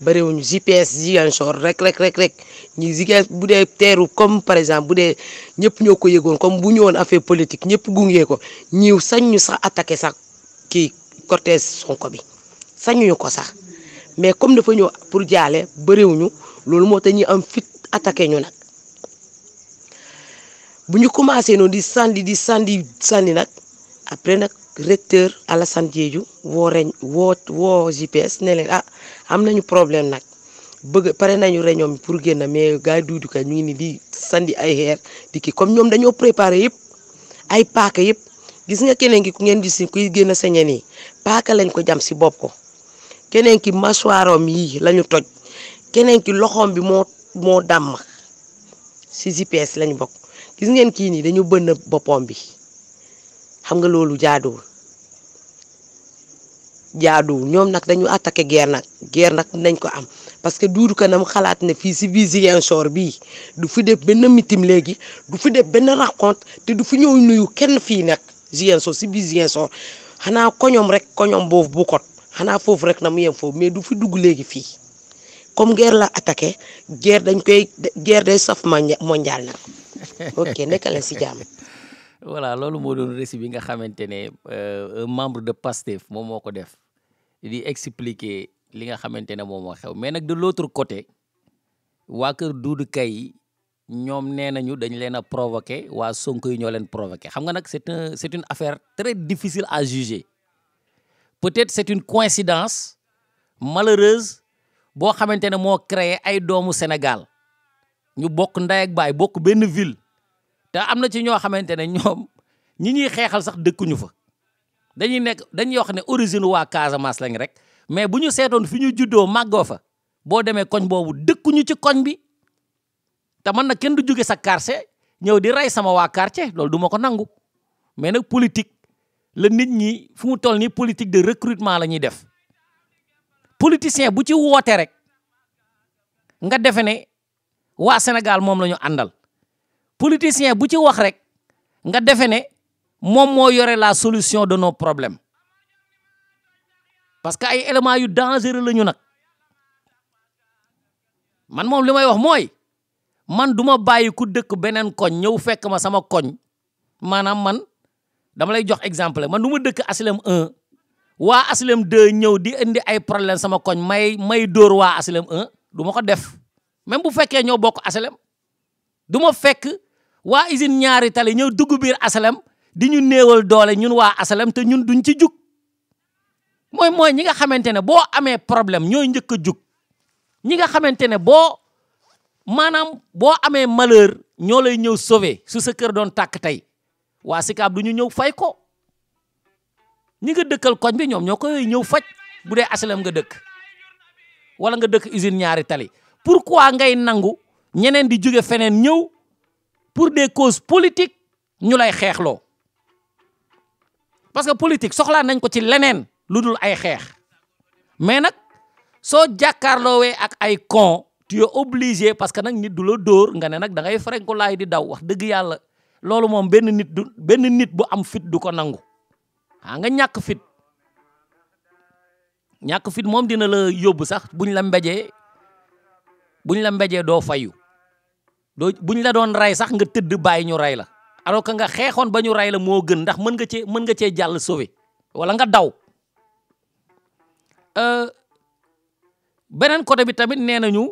bëriwuñu GPS Ziguinchor rek rek rek rek ñu Ziguinchor bu dee teeru comme par exemple bu dee ñëpp ñoo ko yëgoon comme bu ñu woon affaire ñëpp gunge ko ñiw sañ ñu sax attaqué sax kii cortège Sonko bi sañuñu ko sax mais comme dafa ñëw pour jaale bëriwuñu loolu moo tax ñuy am fit attaqué ñu nag bu ñu commencé noon di sandi di sandi sànni nag après nag. recteur ala Diédiou woo reñ woo woo GPS ne leen ah am nañu problème nag bëgg pare nañu réunion bi pour génn mais gars yi duudu ka ñu ngi ni di sandi ay xeer di kii comme ñoom dañoo préparé yëpp ay paaka yëpp gis nga keneen ki ku ngeen gis kuy génn sañe nii paaka lañ ko jam si bopp ko keneen ki mâchoire am yii lañu toj keneen ki loxoom bi moo moo dàmm si GPS lañu bokk gis ngeen kii nii dañu bënn boppam bi xam nga loolu jaaduwul jaaduwul ñoom nag dañu attaqué guerre nag guerre nag nañ ko am parce que Doudou Ka nam xalaat ne fii si biir Ziguinchor bii du fi def benn mitim léegi du fi def benn rencontre te du fi ñëw nuyu kenn fii nag Ziguinchor si biir Ziguinchor xanaa koñom rek koñom boobu bu kot xanaa foofu rek na mu yem foofu mais du fi dugg léegi fii comme guerre la attaqué guerre dañ koy guerre day saf mondial nag ok nekkal la si jàmm. voilà loolu moo doon récit nga xamante ne euh, membre de PASTEF moom moo ko def di expliquer li nga xamante ne moom moo xew mais nag de l'autre côté waa kër Doudou Kay ñoom nee nañu dañ leen a provoqué waa Sonko yi ñoo leen provoqué xam nga nag c'est c'est une affaire très difficile à juger peut-être c'est une coïncidence malheureuse boo xamante ne moo créé ay doomu Sénégal ñu bokk ndey ak baay bokk benn ville te am na ci ñoo xamante ne ñoom ñi ñuy xeexal sax dëkkuñu fa dañuy nekk dañuy wax ne origine waa Casamance lañu rek mais bu ñu seetoon fu ñu juddoo màggoo fa boo demee koñ boobu dëkkuñu ci koñ bi te man nag kenn du jóge sa quartier ñëw di rey sama waa quartier loolu duma ko nangu mais nag politique la nit ñi fu mu ni nii politique de recrutement la ñuy def politicien bu ci woote rek nga defe ne waa Sénégal moom la ñu àndal politicien bu ci wax rek nga defe ne moom moo yore la solution de nos problèmes parce que ay éléments yu dangereux la ñu nag man moom li may wax mooy man duma ma ku dëkk beneen koñ ñëw fekk ma sama koñ maanaam man dama lay jox exemple man du ma dëkk aslem 1 waa aslem 2 ñëw di indi ay problème sama koñ may may dóor waa aslem 1 du ma ko def même bu fekkee ñoo bokk aslem duma fekk waa usine ñaari tali ñëw dugg biir aslem di ñu néewal doole ñun waa asalam te ñun duñ ci jug mooy mooy ñi nga xamante ne boo amee problème ñooy njëkk a jug ñi nga xamante ne boo maanaam boo amee malheur ñoo lay ñëw sauver su sa kër doon tàkk tey waa Sicap du ñu ñëw fay ko ñi nga dëkkal koñ bi ñoom ñoo koy ñëw faj bu dee asalam nga dëkk wala nga dëkk usine ñaari tali pourquoi ngay nangu ñeneen di juge feneen ñëw pour des causes politiques ñu lay xeexloo parce que politique soxlaa nañ ko ci leneen lu dul ay xeex mais nag soo wee ak ay con tu obligé parce que nag nit du la dóor nga ne nag da ngay frenko laay di daw wax dëgg yàlla loolu moom benn nit du benn nit bu am fit du ko nangu ah nga ñàkk fit ñàkk fit moom dina la yóbbu sax buñ la mbéjee buñ la mbéjee doo fayu doo buñ la doon rey sax nga tëdd bàyyi ñu rey la alors que nga xeexoon ba ñu ray la moo gën ndax mën nga cee mën nga cee jàll sauvé wala nga daw euh, beneen côté bi tamit nee nañu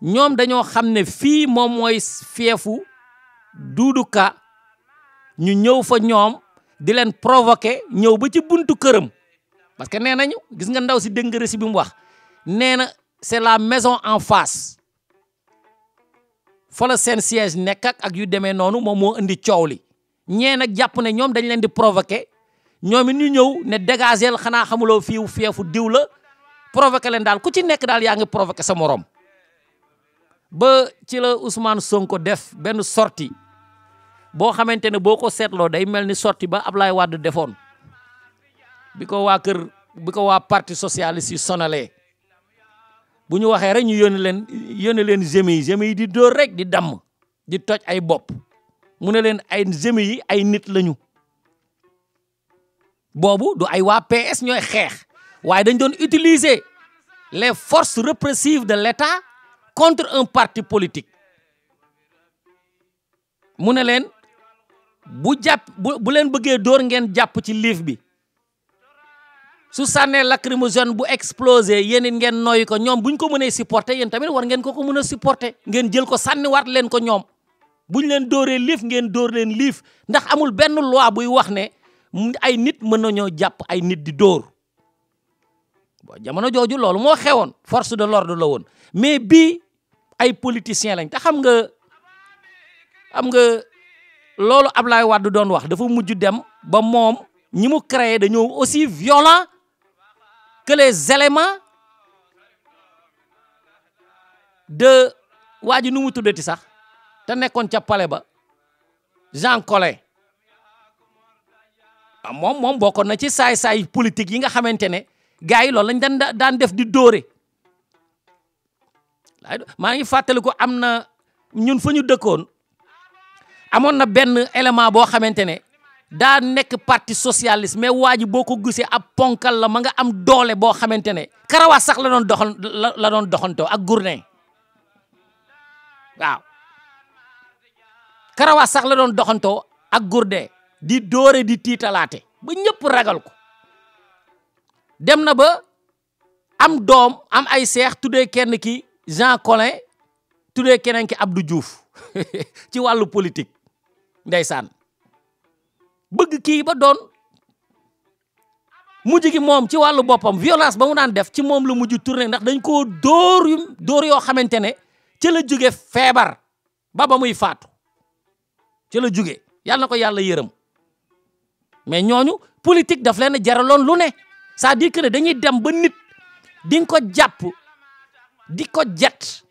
ñoom dañoo xam ne fii moom mooy fiefu Doudou Ka ñu ñëw fa ñoom di leen provoqué ñëw ba ci buntu këram parce que nee nañu gis nga ndaw si dégg nga récit bi mu wax nee na c'est la maison en face fa la seen siège nekk ak ak yu demee noonu moom moo indi coow li ñee nag jàpp ne ñoom dañ leen di provoqué ñoom it ñu ñëw ne dégagel xanaa xamuloo fiiw feefu diw la provoqué leen daal ku ci nekk daal yaa ngi provoqué sa morom ba ci la Ousmane Sonko def benn sorti boo xamante ne boo ko seetloo day mel ni sortie ba Ablaye Wade defoon bi ko waa kër bi ko waa parti socialiste yi sonalee bu ñu waxee rek ñu yónni leen yónni leen gémi yi gémi yi di dóor rek di damm di toj ay bopp mu ne leen ay gémi yi ay nit lañu boobu du ay waa PS ñooy xeex waaye dañ doon utiliser les forces répressives de l'État contre un parti politique mu ne leen bu jàpp bu leen bëggee door ngeen jàpp ci liif bi su sànnee lacrymogène bu explosé yéen ngeen nooyu ko ñoom buñ ko mënee supporter yéen tamit war ngeen ko ko mën a supporter ngeen jël ko sànniwaat leen ko ñoom buñ leen dooree liif ngeen door leen liif ndax amul benn loi buy wax ne ay nit mën nañoo jàpp ay nit di dóor bon jamono jooju loolu moo xewoon force de l'ordre la woon mais bii ay politiciens lañ te xam nga xam nga loolu ab Ablaye Wade doon wax dafa mujj dem ba moom ñi mu créé dañoo aussi violent que les éléments de waa ji nu mu tuddati sax te nekkoon ca palais ba Jean Collin ah moom moom bokkoon na ci saay-saay politique yi nga xamante ne gars yi loolu lañ daan def di dóore maa ngi fàttali ko am na ñun fa ñu dëkkoon amoon na benn élément boo xamante ne daa nekk parti socialiste mais waa ji boo ko gisee ab ponkal la ma nga am doole boo xamante ne karawaas sax la doon doxan la doon doxantoo ak Gourdin waaw karawaas sax la doon doxantoo ak Gourdin di doore di tiitalaate ba ñëpp ragal ko dem na ba am doom am ay seex tuddee kenn ki Jean Collin tuddee keneen ki Abdou Diouf ci wàllu politique ndeysaan bëgg kii ba doon mujj gi moom ci wàllu boppam violence ba mu daan def ci moom la mujj tourné ndax dañ koo door yu door yoo xamante ne ci la jóge feebar ba ba muy faatu ci la jóge yàlla na ko yàlla yërëm mais ñooñu politique daf leen jaraloon lu ne ça à dire que ne dañuy dem ba nit di ko jàpp di ko jet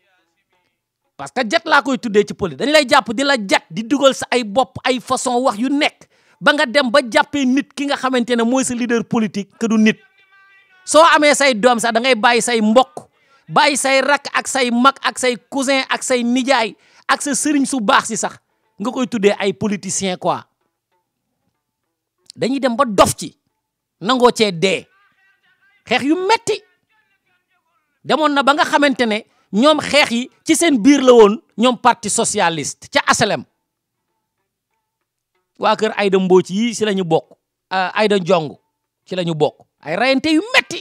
parce que jet laa koy tuddee ci poli dañ lay jàpp di la jet di dugal sa ay bopp ay façon wax yu nekk ba nga dem ba jàppee nit ki nga xamante ne mooy sa leader politique que nit soo amee say doom sax da ngay bàyyi say mbokk bàyyi say rakk ak say mag ak say cousin ak say nijaay ak sa sëriñ su baax si sax nga koy tuddee ay politiciens quoi dañuy dem ba dof ci nangoo cee dee xeex yu metti demoon na ba nga xamante ne ñoom xeex yi ci seen biir la woon ñoom parti socialiste ca aslem wa keur Ayda Mbóoc yi si lañu bok bokk euh, Ayda Njong ci lañu bok ay rayante yu metti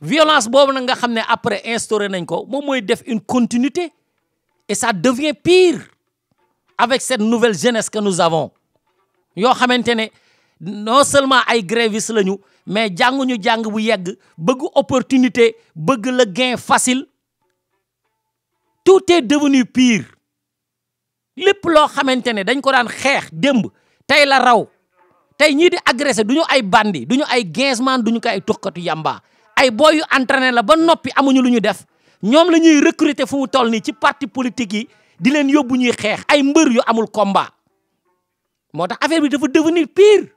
violence bobu nag nga xamné après instauré nañ ko mom moy def une continuité et ça devient pire avec cette nouvelle jeunesse que nous avons yo xamante non seulement ay grévistes lañu mais jànguñu jàng bu yegg bëgg opportunité bëgg le gain facile tout est devenu pire lépp loo xamante ne dañ ko daan xeex démb tey la raw tey ñii di agressé du ñu ay bandi du ñu ay guinsman du ñu ko ay tuxkatu yamba ay booy yu entraîné la ba noppi amuñu lu ñu def ñoom la ñuy recruter fu mu toll nii ci parti politique yi di leen yóbbu ñuy xeex ay mbër yu amul combat moo tax affaire bi dafa devenir pire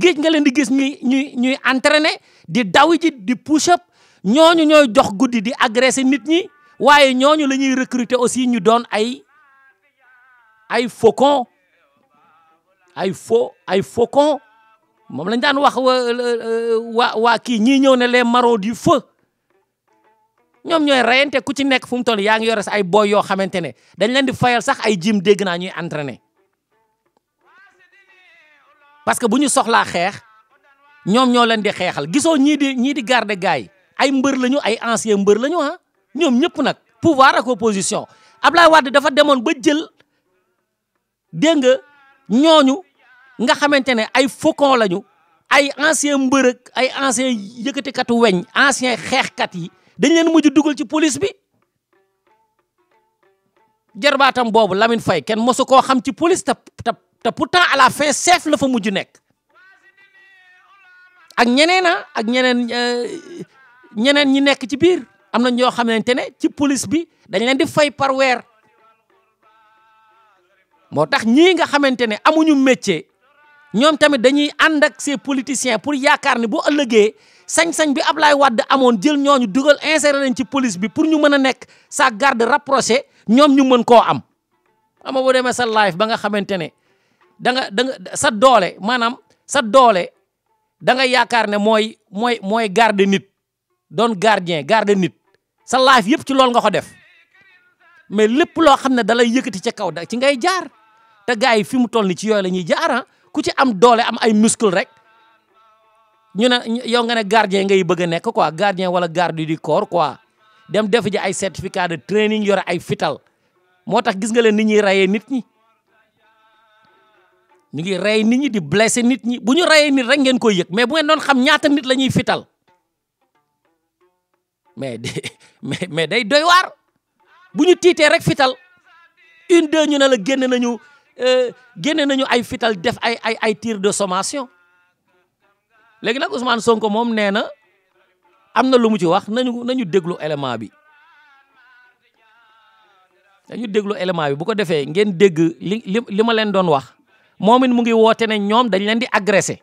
géej nga leen di gis ñuy ñuy ñuy entraîné di daw ji di push up ñooñu ñooy jox guddi di agressé nit ñi waaye ñooñu la ñuy recruter aussi ñu doon ay ay faucon ay fo ay faucon moom lañ daan wax euh, euh, waa waa kii ñii ñëw ne les marauds du feu ñoom ñooy reyante ku ci nekk fu mu toll yaa ngi yore sa ay boy yoo xamante ne dañ leen di fayal sax ay jim dégg naa ñuy entraîner parce que bu ñu soxlaa xeex ñoom ñoo leen di xeexal gisoo ñii di ñii di garde gaay ay mbër lañu ay ancien mbër lañu ah ñoom ñëpp nag pouvoir ak opposition Ablaye Wade dafa demoon ba jël dégg nga ñooñu nga xamante ne ay faucon lañu ay ancien mbërëg ay ancien yëkkatikatu weñ ancien xeexkat yi dañ leen mujj dugal ci police bi jarbaatam boobu Lamine Faye kenn mosu koo xam ci police te te pourtant à la fin chef la fa mujj nekk ak ñeneen ak ñeneen euh, ñeneen ñi nekk ci biir am na ñoo xamante ne ci police bi dañ leen di fay par weer moo tax ñii nga xamante ne amuñu métier ñoom tamit dañuy ànd ak se politiciens pour yaakaar ni bu ëllëgee sañ-sañ bi ab Ablaye Wade amoon jël ñooñu dugal insérer leen ci police bi pour ñu mën a nekk sa garde rapproché ñoom ñu mën koo am. xam nga bu sa life ba nga xamante ne da nga da sa doole maanaam sa doole da nga yaakaar ne mooy mooy mooy garde nit doon gardien garde nit. sa life yëpp ci loolu nga ko def mais lépp loo xam ne dalay lay yëkkati ca kaw da ci ngay jaar te gars yi fi mu toll ni ci yooy la ñuy jaar ah. ku ci am doole am ay muscle rek ñu ne yow nga ne gardien ngay bëgg a nekk quoi gardien wala garde di corps quoi dem def ji ay certificat de training yore ay fital moo tax gis nga leen nit ñuy rayee nit ñi ñu ngi rey nit ñi di blessé nit ñi bu ñu rayee nit rek ngeen koy yëg mais bu ngeen doon xam ñaata nit la ñuy fital mais mais mais day doy waar bu ñu tiitee rek fital une deux ñu ne la génne nañu euh, génne nañu ay fital def ay ay ay tir de sommation léegi nag Ousmane Sonko moom nee na am na lu mu ci wax nañu nañu déglu élément bi dañu déglu élément bi bu ko defee ngeen dégg li li ma leen doon wax moom it mu ngi woote ne ñoom dañ leen di agressé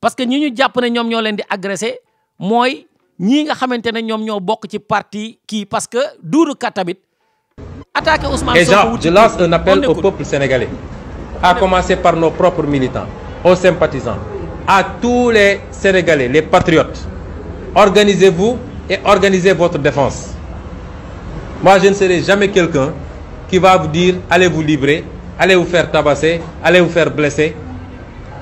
parce que ñi ñu jàpp ne ñoom ñoo leen di agressé mooy Nous nga parti parce que je lance un appel au peuple sénégalais. à commencer par nos propres militants aux sympathisants à tous les Sénégalais les patriotes organisez-vous et organisez votre défense moi je ne serai jamais quelqu'un qui va vous dire allez vous livrer allez vous faire tabasser allez vous faire blesser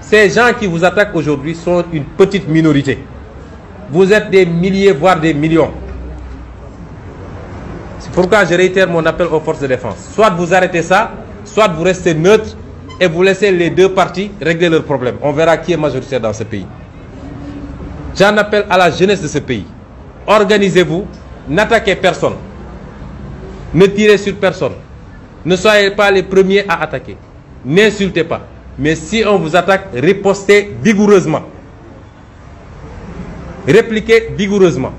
ces gens qui vous attaquent aujourd'hui sont une petite minorité vous êtes des milliers, voire des millions. C'est pourquoi je réitère mon appel aux forces de défense. Soit vous arrêtez ça, soit vous restez neutre et vous laissez les deux parties régler leurs problèmes. On verra qui est majoritaire dans ce pays. J'en appelle à la jeunesse de ce pays. Organisez-vous, n'attaquez personne. Ne tirez sur personne. Ne soyez pas les premiers à attaquer. N'insultez pas. Mais si on vous attaque, ripostez vigoureusement répliquer vigoureusement,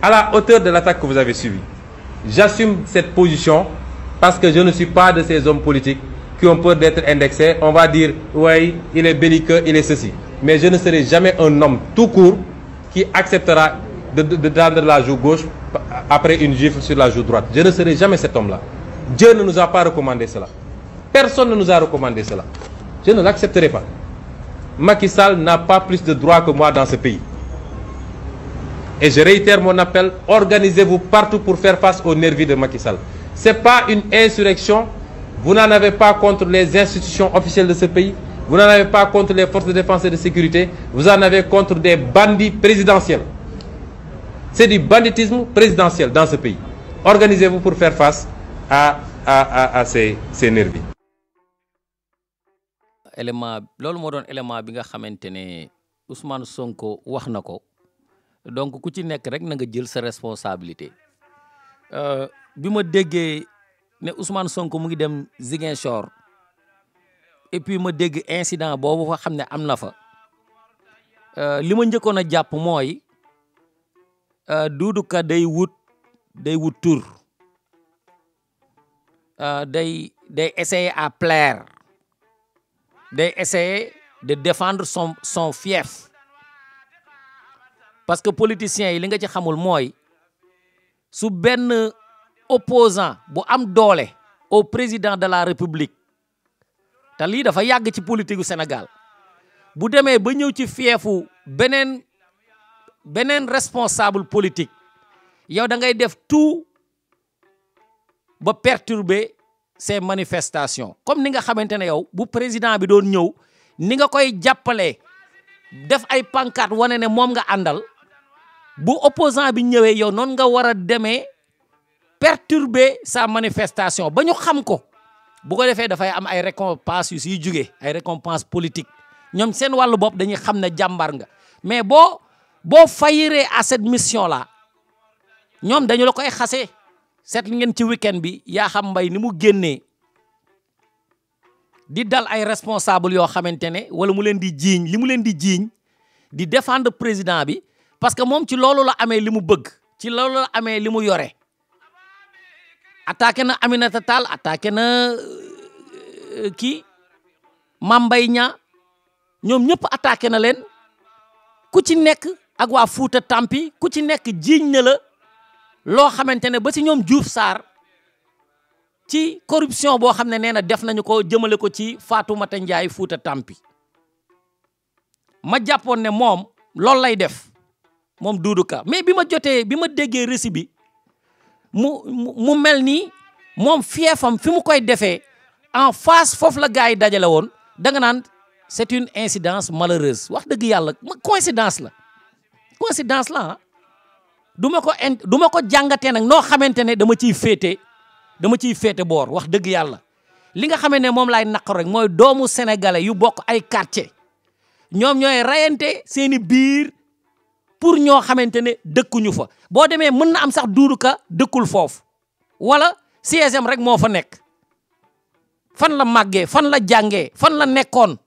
à la hauteur de l'attaque que vous avez subie. J'assume cette position parce que je ne suis pas de ces hommes politiques qui ont peur d'être indexés. On va dire, oui, il est belliqueux, il est ceci. Mais je ne serai jamais un homme tout court qui acceptera de, donner la joue gauche après une gifle sur la joue droite. Je ne serai jamais cet homme-là. Dieu ne nous a pas recommandé cela. Personne ne nous a recommandé cela. Je ne l'accepterai pas. Macky Sall n'a pas plus de droits que moi dans ce pays. Et je réitère mon appel, organisez-vous partout pour faire face aux nervis de Macky Sall. Ce n'est pas une insurrection, vous n'en avez pas contre les institutions officielles de ce pays, vous n'en avez pas contre les forces de défense et de sécurité, vous en avez contre des bandits présidentiels. C'est du banditisme présidentiel dans ce pays. Organisez-vous pour faire face à, ces, ces nervis. Sonko donc ku ci nekk rek na nga jël sa responsabilité euh, bi ma déggee ne Ousmane sonk mu ngi dem Ziguinchor et puis ma dégg incident boobu fa xam ne am na fa euh, li ma njëkkoon a jàpp mooy euh, Doudou Ka day wut day wut tur day day essayer à plaire day essayer de défendre son son fief parce que politiciens yi li nga ci xamul mooy su benn opposant bu am doole au président de la république te lii dafa yàgg ci politique du Sénégal bu demee ba ñëw ci fiefu benen benen responsable politique yow da ngay def tout ba perturber ces manifestations comme ni nga xamante ne yow bu président bi doon ñëw ni nga koy jàppalee def ay pancarte wane ne moom nga andal. bu opposant bi ñëwee yow noonu nga war a demee perturber sa manifestation ba ñu xam ko bu ko defee dafay am ay récompense yu si jugee ay récompense politique ñoom seen wàllu bopp dañuy xam ne jàmbar nga mais boo boo fayiree à cette mission là ñoom dañu la koy xasee seetlu ngeen ci weekend bi yaa xam mbay ni mu génnee di dal ay responsable yoo xamante ne wala mu leen di jiiñ li mu leen di jiiñ di défendre président bi parce que moom ci loolu la amee li mu bëgg ci loolu la amee li mu yore attaqué na Aminata Tall attaqué na euh, kii Mame Mbaye Niang ñoom ñëpp attaqué na leen ku ci nekk ak waa Fuuta Tampi ku ci nekk jiiñ na loo xamante ne ba si ñoom Diouf Sarr ci corruption boo xam ne nee na def nañu ko jëmale ko ci Fatoumata Ndiaye Fuuta Tampi ma jàppoon ne moom loolu lay def moom Doudou Ka mais bi ma jotee bi ma déggee récit bi mu mu mel ni moom fam fi mu koy defee en face foofu la gars yi dajale woon da nga naan c'est une incidence malheureuse wax dëgg yàlla coïncidence la coïncidence la ah ko int duma ko jàngatee nag noo xamante ne dama ciy féete dama ciy féete boor wax dëgg yàlla li nga xamee ne moom lay naqar rek mooy doomu sénégalais yu bokk ay quartier ñoom ñooy rayante seeni biir pour ñoo xamante ne dëkkuñu fa boo demee mën na am sax Doudou dëkkul foofu wala siège am rek moo fa nekk fan la màggee fan la jàngee fan la nekkoon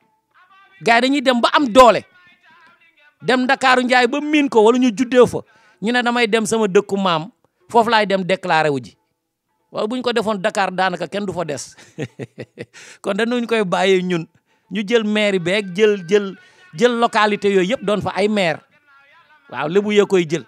gars yi dañuy dem ba am doole dem ndakaaru njaay ba miin ko wala ñu juddee fa ñu ne damay dem sama dëkku maam foofu laay dem déclaré wu ji waaw bu ñu ko defoon dakaar daanaka kenn du fa des kon dañu koy bàyyee ñun ñu jël maire beeg jël jël jël localité yooyu yëpp doon fa ay maire waaw lébu yee koy jël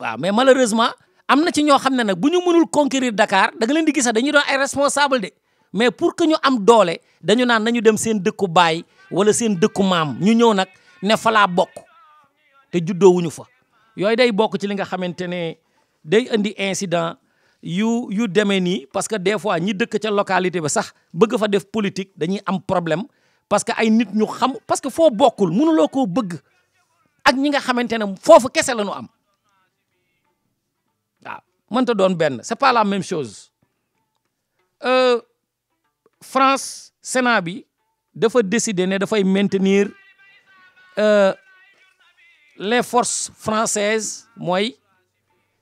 waaw mais malheureusement am na ci ñoo xam ne nag bu ñu mënul conquérir dakaar da nga leen di gisa dañuy doon ay responsable de mais pour que ñu am doole dañu naan nañu dem seen dëkku baay wala seen dëkku maam ñu ñëw nag ne fa bokk te juddoowuñu fa yooyu day bokk ci li nga xamante ne day indi incident yu yu demee nii parce que des fois ñi dëkk ca localité ba sax bëgg fa def politique dañuy am problème parce que ay nit ñu xam parce que foo bokkul mënuloo koo bëgg ak ñi nga xamante ne foofu kese la ñu am waaw mënta doon benn c'est pas la même chose euh, France Sénat bi dafa décider ne dafay maintenir euh, les forces françaises mooy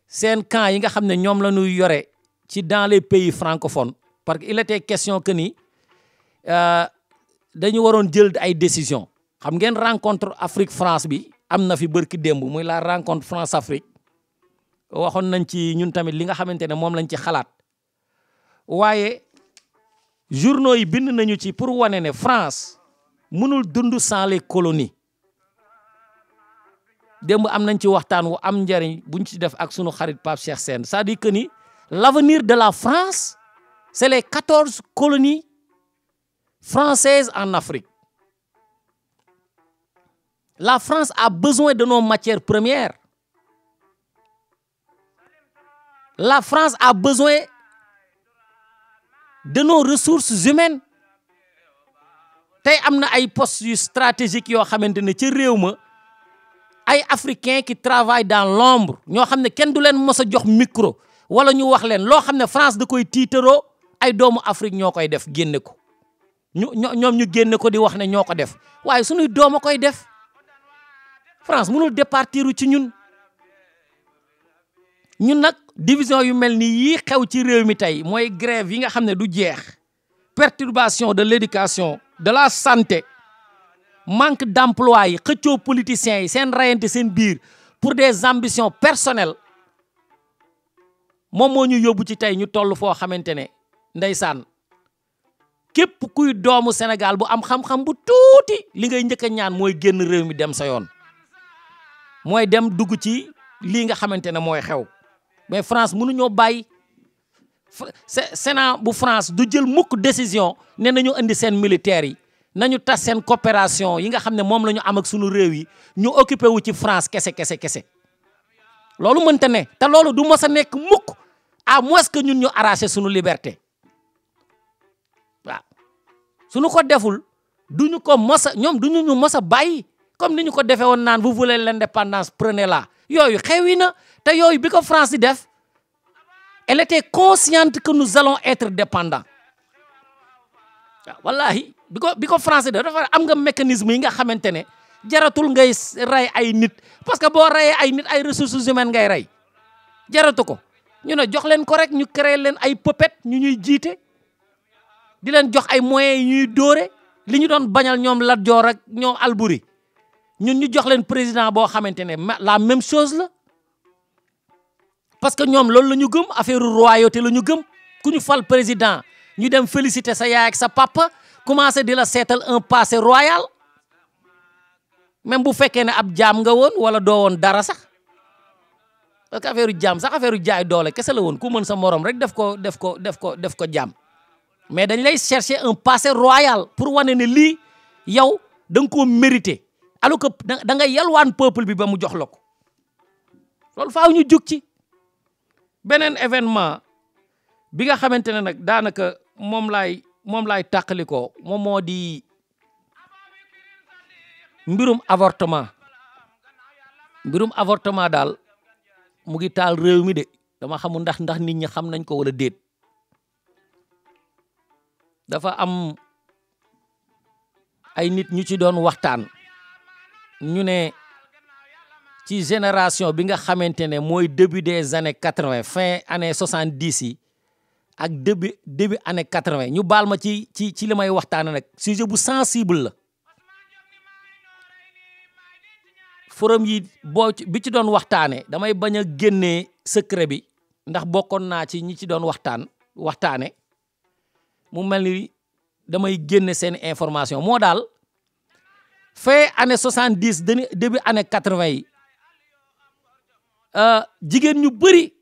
seen camp yi nga xam ne ñoom la ñuy yore ci dans les pays francophones parce que il était question que ni euh, dañu waroon jël ay décisions xam ngeen rencontre Afrique France bi am na fi bërki démb muy la rencontre France Afrique waxoon nañ ci ñun tamit li nga xamante ne moom lañ ci xalaat waaye journaux yi bind nañu ci pour wane ne France mënul dund sans les colonies démb am nañ ci waxtaan wu am njariñ buñ ci def ak sunu xarit Pape Cheikh Sène c'est-à-dire que ni l'avenir de la France c'est les quatorze colonies françaises en Afrique La France a besoin de nos matières premières. La France a besoin de nos ressources humaines Tay amna ay postes stratégiques yo xamantene ci rewma ay africains qui travaillent dans l'ombre ño xamne ken kenn du leen mos jox micro wala ñu wax len lo xamne France da koy tiitaroo ay doomu Afrique ñoo koy def génne ko ñu ñoom ñu génne ko di wax né ñoo ko def waaye suñu doomu koy def France munu départiru ci ñun ñun nag division yu mel ni yii xew ci réew mi tey mooy grève yi nga xam ne du jeex perturbation de l'éducation de la santé manque d'emploi yi xëccoo politiciens yi seen rayante seen biir pour des ambitions personnelles moom moo ñu yóbbu ci tey ñu toll foo xamante ne ndeysaan képp kuy doomu Sénégal bu am xam-xam bu tuuti li ngay njëkk ñaan mooy génn réew mi dem sa yoon moy dem dugg ci li nga xamantene moy xew mais France mënuñoo bàyyi Sénat bu France du jël décision ne nañu indi sen militaire yi nañu sen coopération yi nga ne lañu am ak yi ñu wu ci France kessé ne du a à moins que nous ñu fait, sunu liberté suñu ko deful duñu ko mos a duñu comme niñu ko defee woon naan vous voulez l'indépendance prenez-la yooyu xewina na te yooyu bi France def elle était consciente que nous allons être dépendants ah, wallahi biko biko France def am nga mécanisme yi nga xamantene jaratul ngay ray ay nit parce que bo reyee ay nit ay ressources humaines ngay ray jaratu ko ñu ne jox len ko rek ñu créer len ay puppet ñu ñuy jité di len jox ay moyens ñuy dóore li ñu doon bañal ñom Lat Joor ak ñoom Alburi ñun ñu jox leen président boo xamante la même chose parce que ñoom loolu la gëm affaire royauté la nous gëm ku ñu fal président ñu dem féliciter sa yaay ak sa papa commencé di la un passé royal même bu fekkee ne ab jaam nga woon wala doo woon dara sax parce que affaire jaam sax affaire jaay doole kese la woon ku mën sa morom rek def ko def ko def ko def ko mais dañ lay un passé royal pour wane ne lii yow da nga alors que da nga yalwaan peuple bi ba mu jox la ko loolu faaw ñu jug ci beneen événement bi nga xamante ne nag daanaka moom laay moom laay tàqalikoo moom moo di mbirum avortement mbirum avortement dal, mu ngi taal réew mi de dama xamul ndax ndax nit ñi xam nañ ko wala déet dafa am ay nit ñu ci doon waxtaan ñu ne ci génération bi nga été ne début des années 80, fin des années 70 et début début années 80. nous ñu ci ci sujet bu sensible la forum yi bi ci doon waxtane damay baña génné secret bi ndax bokon na ci ñi ci doon waxtaan waxtane mu melni damay génné seen information mo fee année soixante dix début année quatre vingt yi euh, jigéen ñu bëri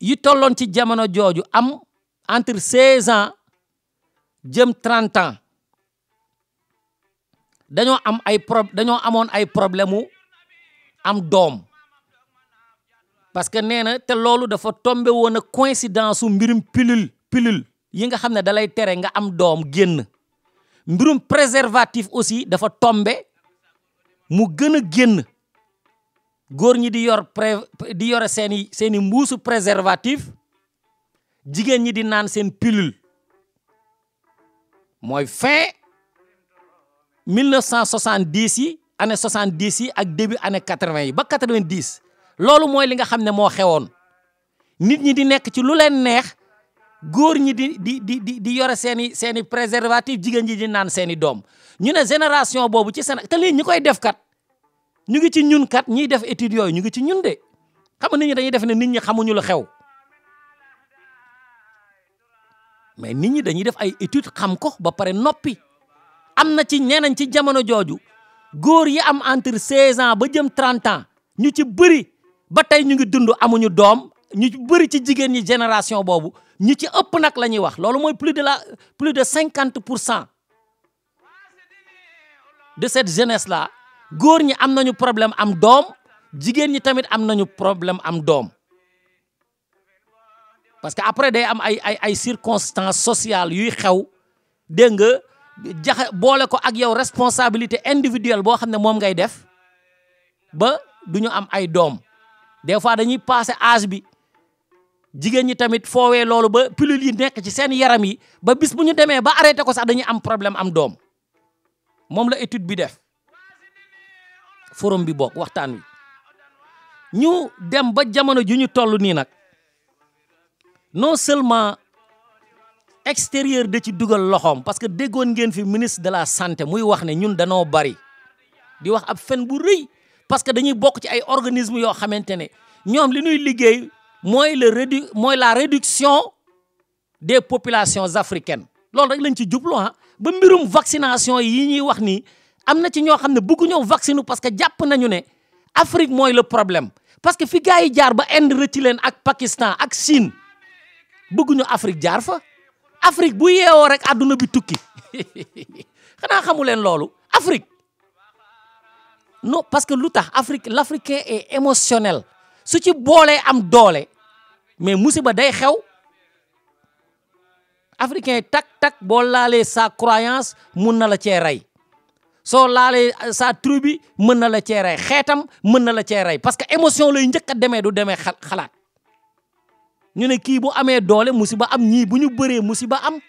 yi tolloon ci jamono jooju am entre seize ans jëm trente ans dañoo am ay pro dañoo amoon ay problème mu am doom parce que nee na te loolu dafa tombé woon a coïncidence su mbirum pilule pilule yi nga xam ne dalay tere nga am doom génn mbirum préservatif aussi dafa tombe mu gën a génn góor ñi di yor pré di yore seeni mbuusu préservatif jigéen ñi di naan seen pilule mooy fin 1970 yi année 70 yi ak début année 80 yi ba 90 loolu mooy li nga xam ne moo xewoon nit ñi di nekk ci lu leen neex góor ñi di di di di di yore seen i seen i jigéen ñi di naan seen i doom ñu ne génération boobu ci Sénégal te léegi ñu koy def kat ñu ngi ci ñun kat ñiy def études yooyu ñu ngi ci ñun de xam nga nit ñi dañuy def ne nit ñi xamuñu lu xew mais nit ñi dañuy def ay études xam ko ba pare noppi am na ci ñeneen ci jamono jooju góor yi am entre 16 ans ba jëm 30 ans ñu ci bëri ba tey ñu ngi dund amuñu doom ñu ci bëri ci jigéen ñi génération boobu ñi ci ëpp nag la ñuy wax loolu mooy plus de la plus de cinquante pour cent de cette jeunesse là góor ñi am nañu problème am doom jigéen ñi tamit am nañu problème am doom parce que après day am ay ay ay circonstances sociales yuy xew dégg nga jaxe boole ko ak yow responsabilité individuelle boo xam ne moom ngay def ba du ñu am ay doom des fois dañuy passé bi jigéen ñi tamit foowee loolu ba pilule lii nekk ci seen yaram yi ba bis bu ñu demee ba arrêté ko sax dañuy am problème am doom moom la étude bi def forum bi bokk waxtaan wi ñu dem ba jamono ju ñu toll nii nag non seulement extérieur da ci dugal loxoom parce que déggoon ngeen fi ministre de la santé muy wax ne ñun danoo bari di wax ab fen bu rëy parce que dañuy bokk ci ay organisme yoo xamante ne ñoom li ñuy liggéey moy le rédu la réduction des populations africaines loolu rek lañ ci djublo ah ba mbirum vaccination yi ñi wax ni amna ci ño xamne bëggu bëgguñoo vacciner parce que japp nañu ne Afrique moy le problème parce que fi gaay yi jaar ba Inde rëcc len ak Pakistan ak Chine ñu Afrique jaar fa Afrique bu yéwo rek aduna bi tukki xana xamu leen loolu Afrique non parce que lu Afrique l'Africain est émotionnel su ci boolee am doole mais musiba day xew africain tak tak boo laalee sa croyance mun na la cee rey soo laalee euh, sa tribu mën na la cee rey xeetam mën na la cee rey parce que émotion lay njëkk a demee du demee xalaat ñu ne kii bu amee doole musiba am ñii bu ñu bëree musiba am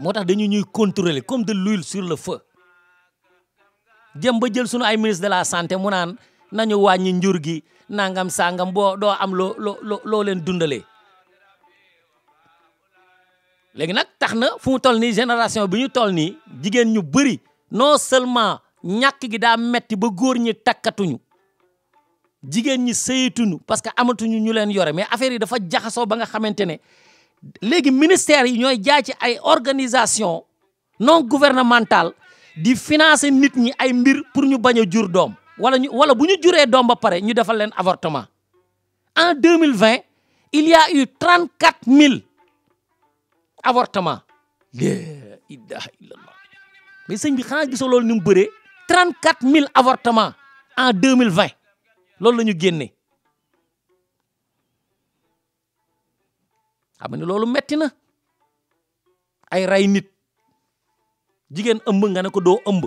moo tax dañu ñuy contrôler comme de l'huile sur le fa jëm jël sunu ay ministre de la santé mu naan nañu wàññi njur gi nangam sàngam boo doo am loo leen dundalee léegi nag tax na fu mu toll génération bi ñu toll nii jigéen ñu bëri non seulement ñàkk gi daa metti ba góor ñi takkatuñu jigéen ñi sëyatuñu parce que amatuñu ñu leen yore mais affaire yi dafa jaxasoo ba nga xamante ne léegi ministère yi ñooy jaay ci ay organisation non gouvernementale di financer nit ñi ay mbir pour ñu bañ a jur doom wala ñu wala bu ñu juree doom ba pare ñu defal leen avortement en 2020 il y a eu 34 000 avortements la ilaha illallah mais sëñ bi xanaa gisoo loolu ni mu bëree 34 000 avortements en 2020 loolu la ñu génnee xam ne loolu metti na ay rey nit jigéen ëmb nga ne ko doo ëmb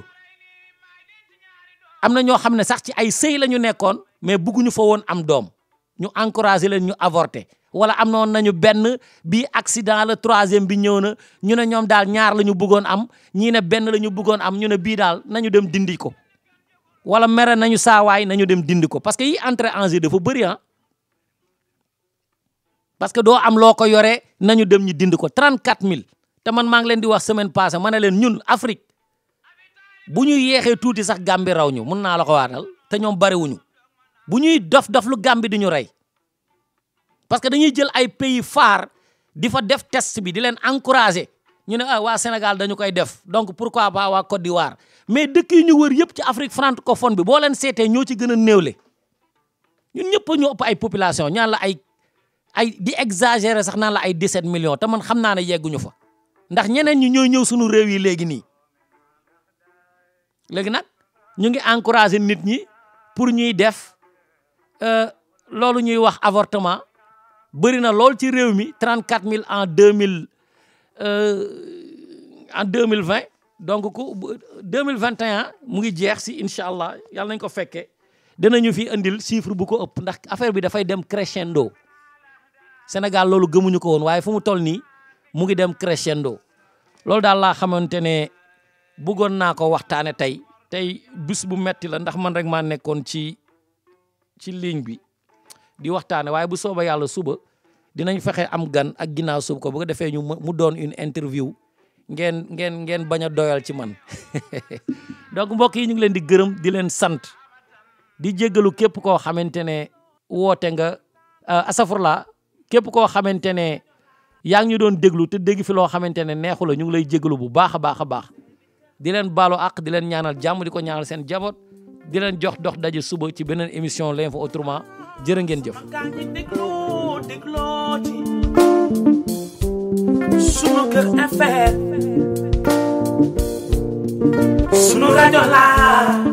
am ño xamne sax ci ay sey lañu nekkon mais bëgguñu fa won am doom ñu encourager leen ñu avorter wala am won nañu benn bi accident la troisième bi ñëw na ñu ne ñom daal ñaar lañu bëggoon am ñi ne benn lañu bëggoon am ñu ne bi daal nañu dem dindi ko wala mère nañu way nañu dem dindi ko parce que yi entre en jeu dafa bëri hein ah. parce que do am loko yoré nañu dem ñu dindiko, ko 34000 te man ma ngi leen di wax semaine passée mané leen ñun Afrique bu ñu yeexee tuuti sax gàmbi raw ñu mun naa la ko waatal te ñoom bariwuñu bu ñuy dof dof lu gàmbi di ñu rey parce que dañuy jël ay pays phare di fa def test bi di leen encourager ñu ne ah, waa Sénégal dañu koy def donc pourquoi pas waa Côte d'Ivoire mais dëkk yi ñu wër yëpp ci Afrique ko francophone bi boo leen seetee ñoo ci gën a néewle ñu ñëpp ñu ëpp ay population ñaan la ay ay di exagérer sax naan la ay 17 millions te man xam naa ne yegguñu fa ndax ñeneen ñi ñooy ñëw suñu réew yi léegi nii. legi nak ñu ngi encourager nit ñi pour ñuy def euh lolu ñuy wax avortement bëri na lol ci rew mi 34000 en 2000 euh en 2020 donc ko 2021 mu ngi jeex ci inshallah yalla nañ ko fekkee dinañu fi andil chiffre bu ko upp ndax affaire bi da fay dem crescendo senegal lolu gëmuñu ko won waye fu mu toll ni mu ngi dem crescendo lolu dal la xamantene bëggoon naa ko waxtaane tey tey bis bu metti la ndax man rek maa nekkoon ci ci ligne bi di waxtaane waaye bu sooba yàlla suba dinañ fexe am gan ak ginnaaw suba ko bu defee ñu mu doon une interview ngeen ngeen ngeen bañ a doyal ci man donc mbokk yi ñu ngi leen di gërëm di leen sant di jéggalu képp koo xamante ne woote nga euh, asafurla képp koo xamante ne yaa ngi ñu doon déglu te dégg fi loo xamante ne neexu ñu ngi lay jéggalu bu baax a baax a baax di leen balo ak di leen ñaanal jàmm di ko ñaanal seen jabot di leen jox dox daje suba ci beneen émission l'info autrement jërë ngeen jëf sunu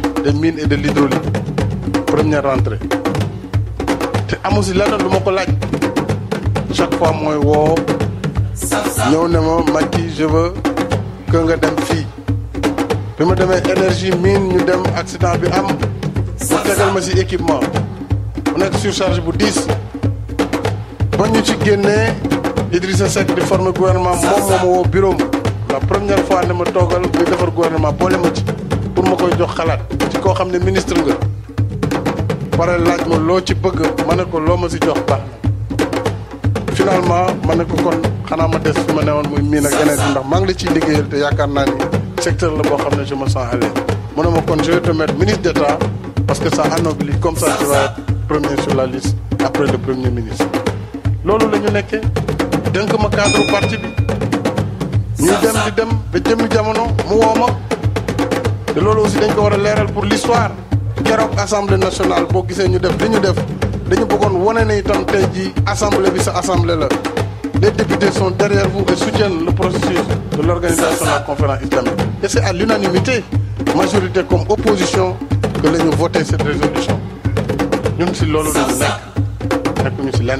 des mines et de l'hydraulique première rentrée te amu si leneen lu ma ko laaj chaque fois mooy woo ñëw ne ma Macky je veux que nga dem fii bi ma énergie mine ñu dem accident bi am mu tegal ma si équipement On est surcharge bu 10. ba ñu ci génnee Idrissa Seck di former gouvernement moom moo ma bureau la première fois ne ma toogal di defar gouvernement boole ma ci pour ma koy jox xalaat koo xam ne ministre nga pare laaj ma loo ci bëgg ma ne ko loo ma si jox baax na finalement ma ne ko kon xanaa ma des fi ma newoon muy miin ak yeneen ndax maa ngi la ciy liggéeyal te yaakaar naa ni secteur la boo xam ne je me sens à ma kon je vais te mettre ministre parce que ça anoblit comme ça tu vas premier sur la liste après le premier ministre loolu la ñu nekkee dënk ma cadre parti bi ñuy dem di dem ba jëm jamono mu woo ma C'est lolo aussi dañ ko wara pour l'histoire Kérok assemblée nationale bo gisee ñu def li def dañu bëggone wane ne itam ji assemblée bi sa assemblée la les députés sont derrière vous et soutiennent le processus de l'organisation de la conférence islamique et c'est à l'unanimité majorité comme opposition que la ñu voté cette résolution Nous si loolu lañu nekk nekkuñu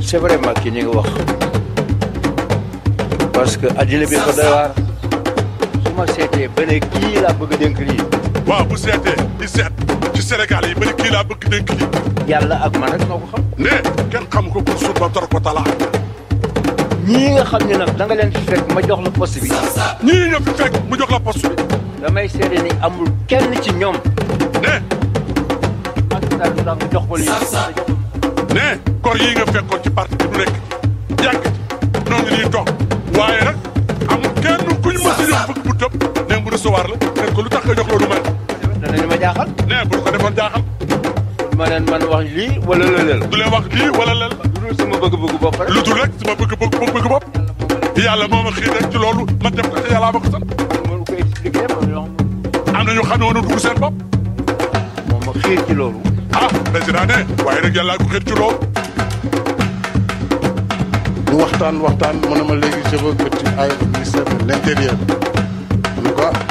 c'est vraiment ki parce que addina bi ko ma seetee ba ne kii laa bëgg dénk lii. waaw bu seetee di seet ci Sénégal yi ba ne kii laa bëgg dénk lii. yàlla ak man rek noo ko xam. ne ñii nga xam ne nag nga leen fekk ma jox la poste ñii nga fekk mu jox la poste bi. damay seede ni amul kenn ci ñoom. ne. ak daal nga jox ko ci parti bi du nekk yàgg noonu ñuy toog. recevoir la nen ko lu tax nga jox loolu man danañu ma jaaxal ne bu ko defoon jaaxal ma nen man wax lii wala lëlal du leen wax lii wala lël lu dul sama bëgg-bëgg bopp rek lu dul rek sama bëgg-bëgg bëgg bopp yàlla moo ma xii rek ci loolu ma def ko te yàlla ma ko sant am na ñu xam ne woon dugg seen bopp moo ma xiir ci loolu ah président ne waaye nag yàllaa ko xiir ci loolu ñu waxtaan waxtaan mu ne ma léegi je veux que tu ailles au ministère de l'intérieur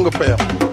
Anglo Player.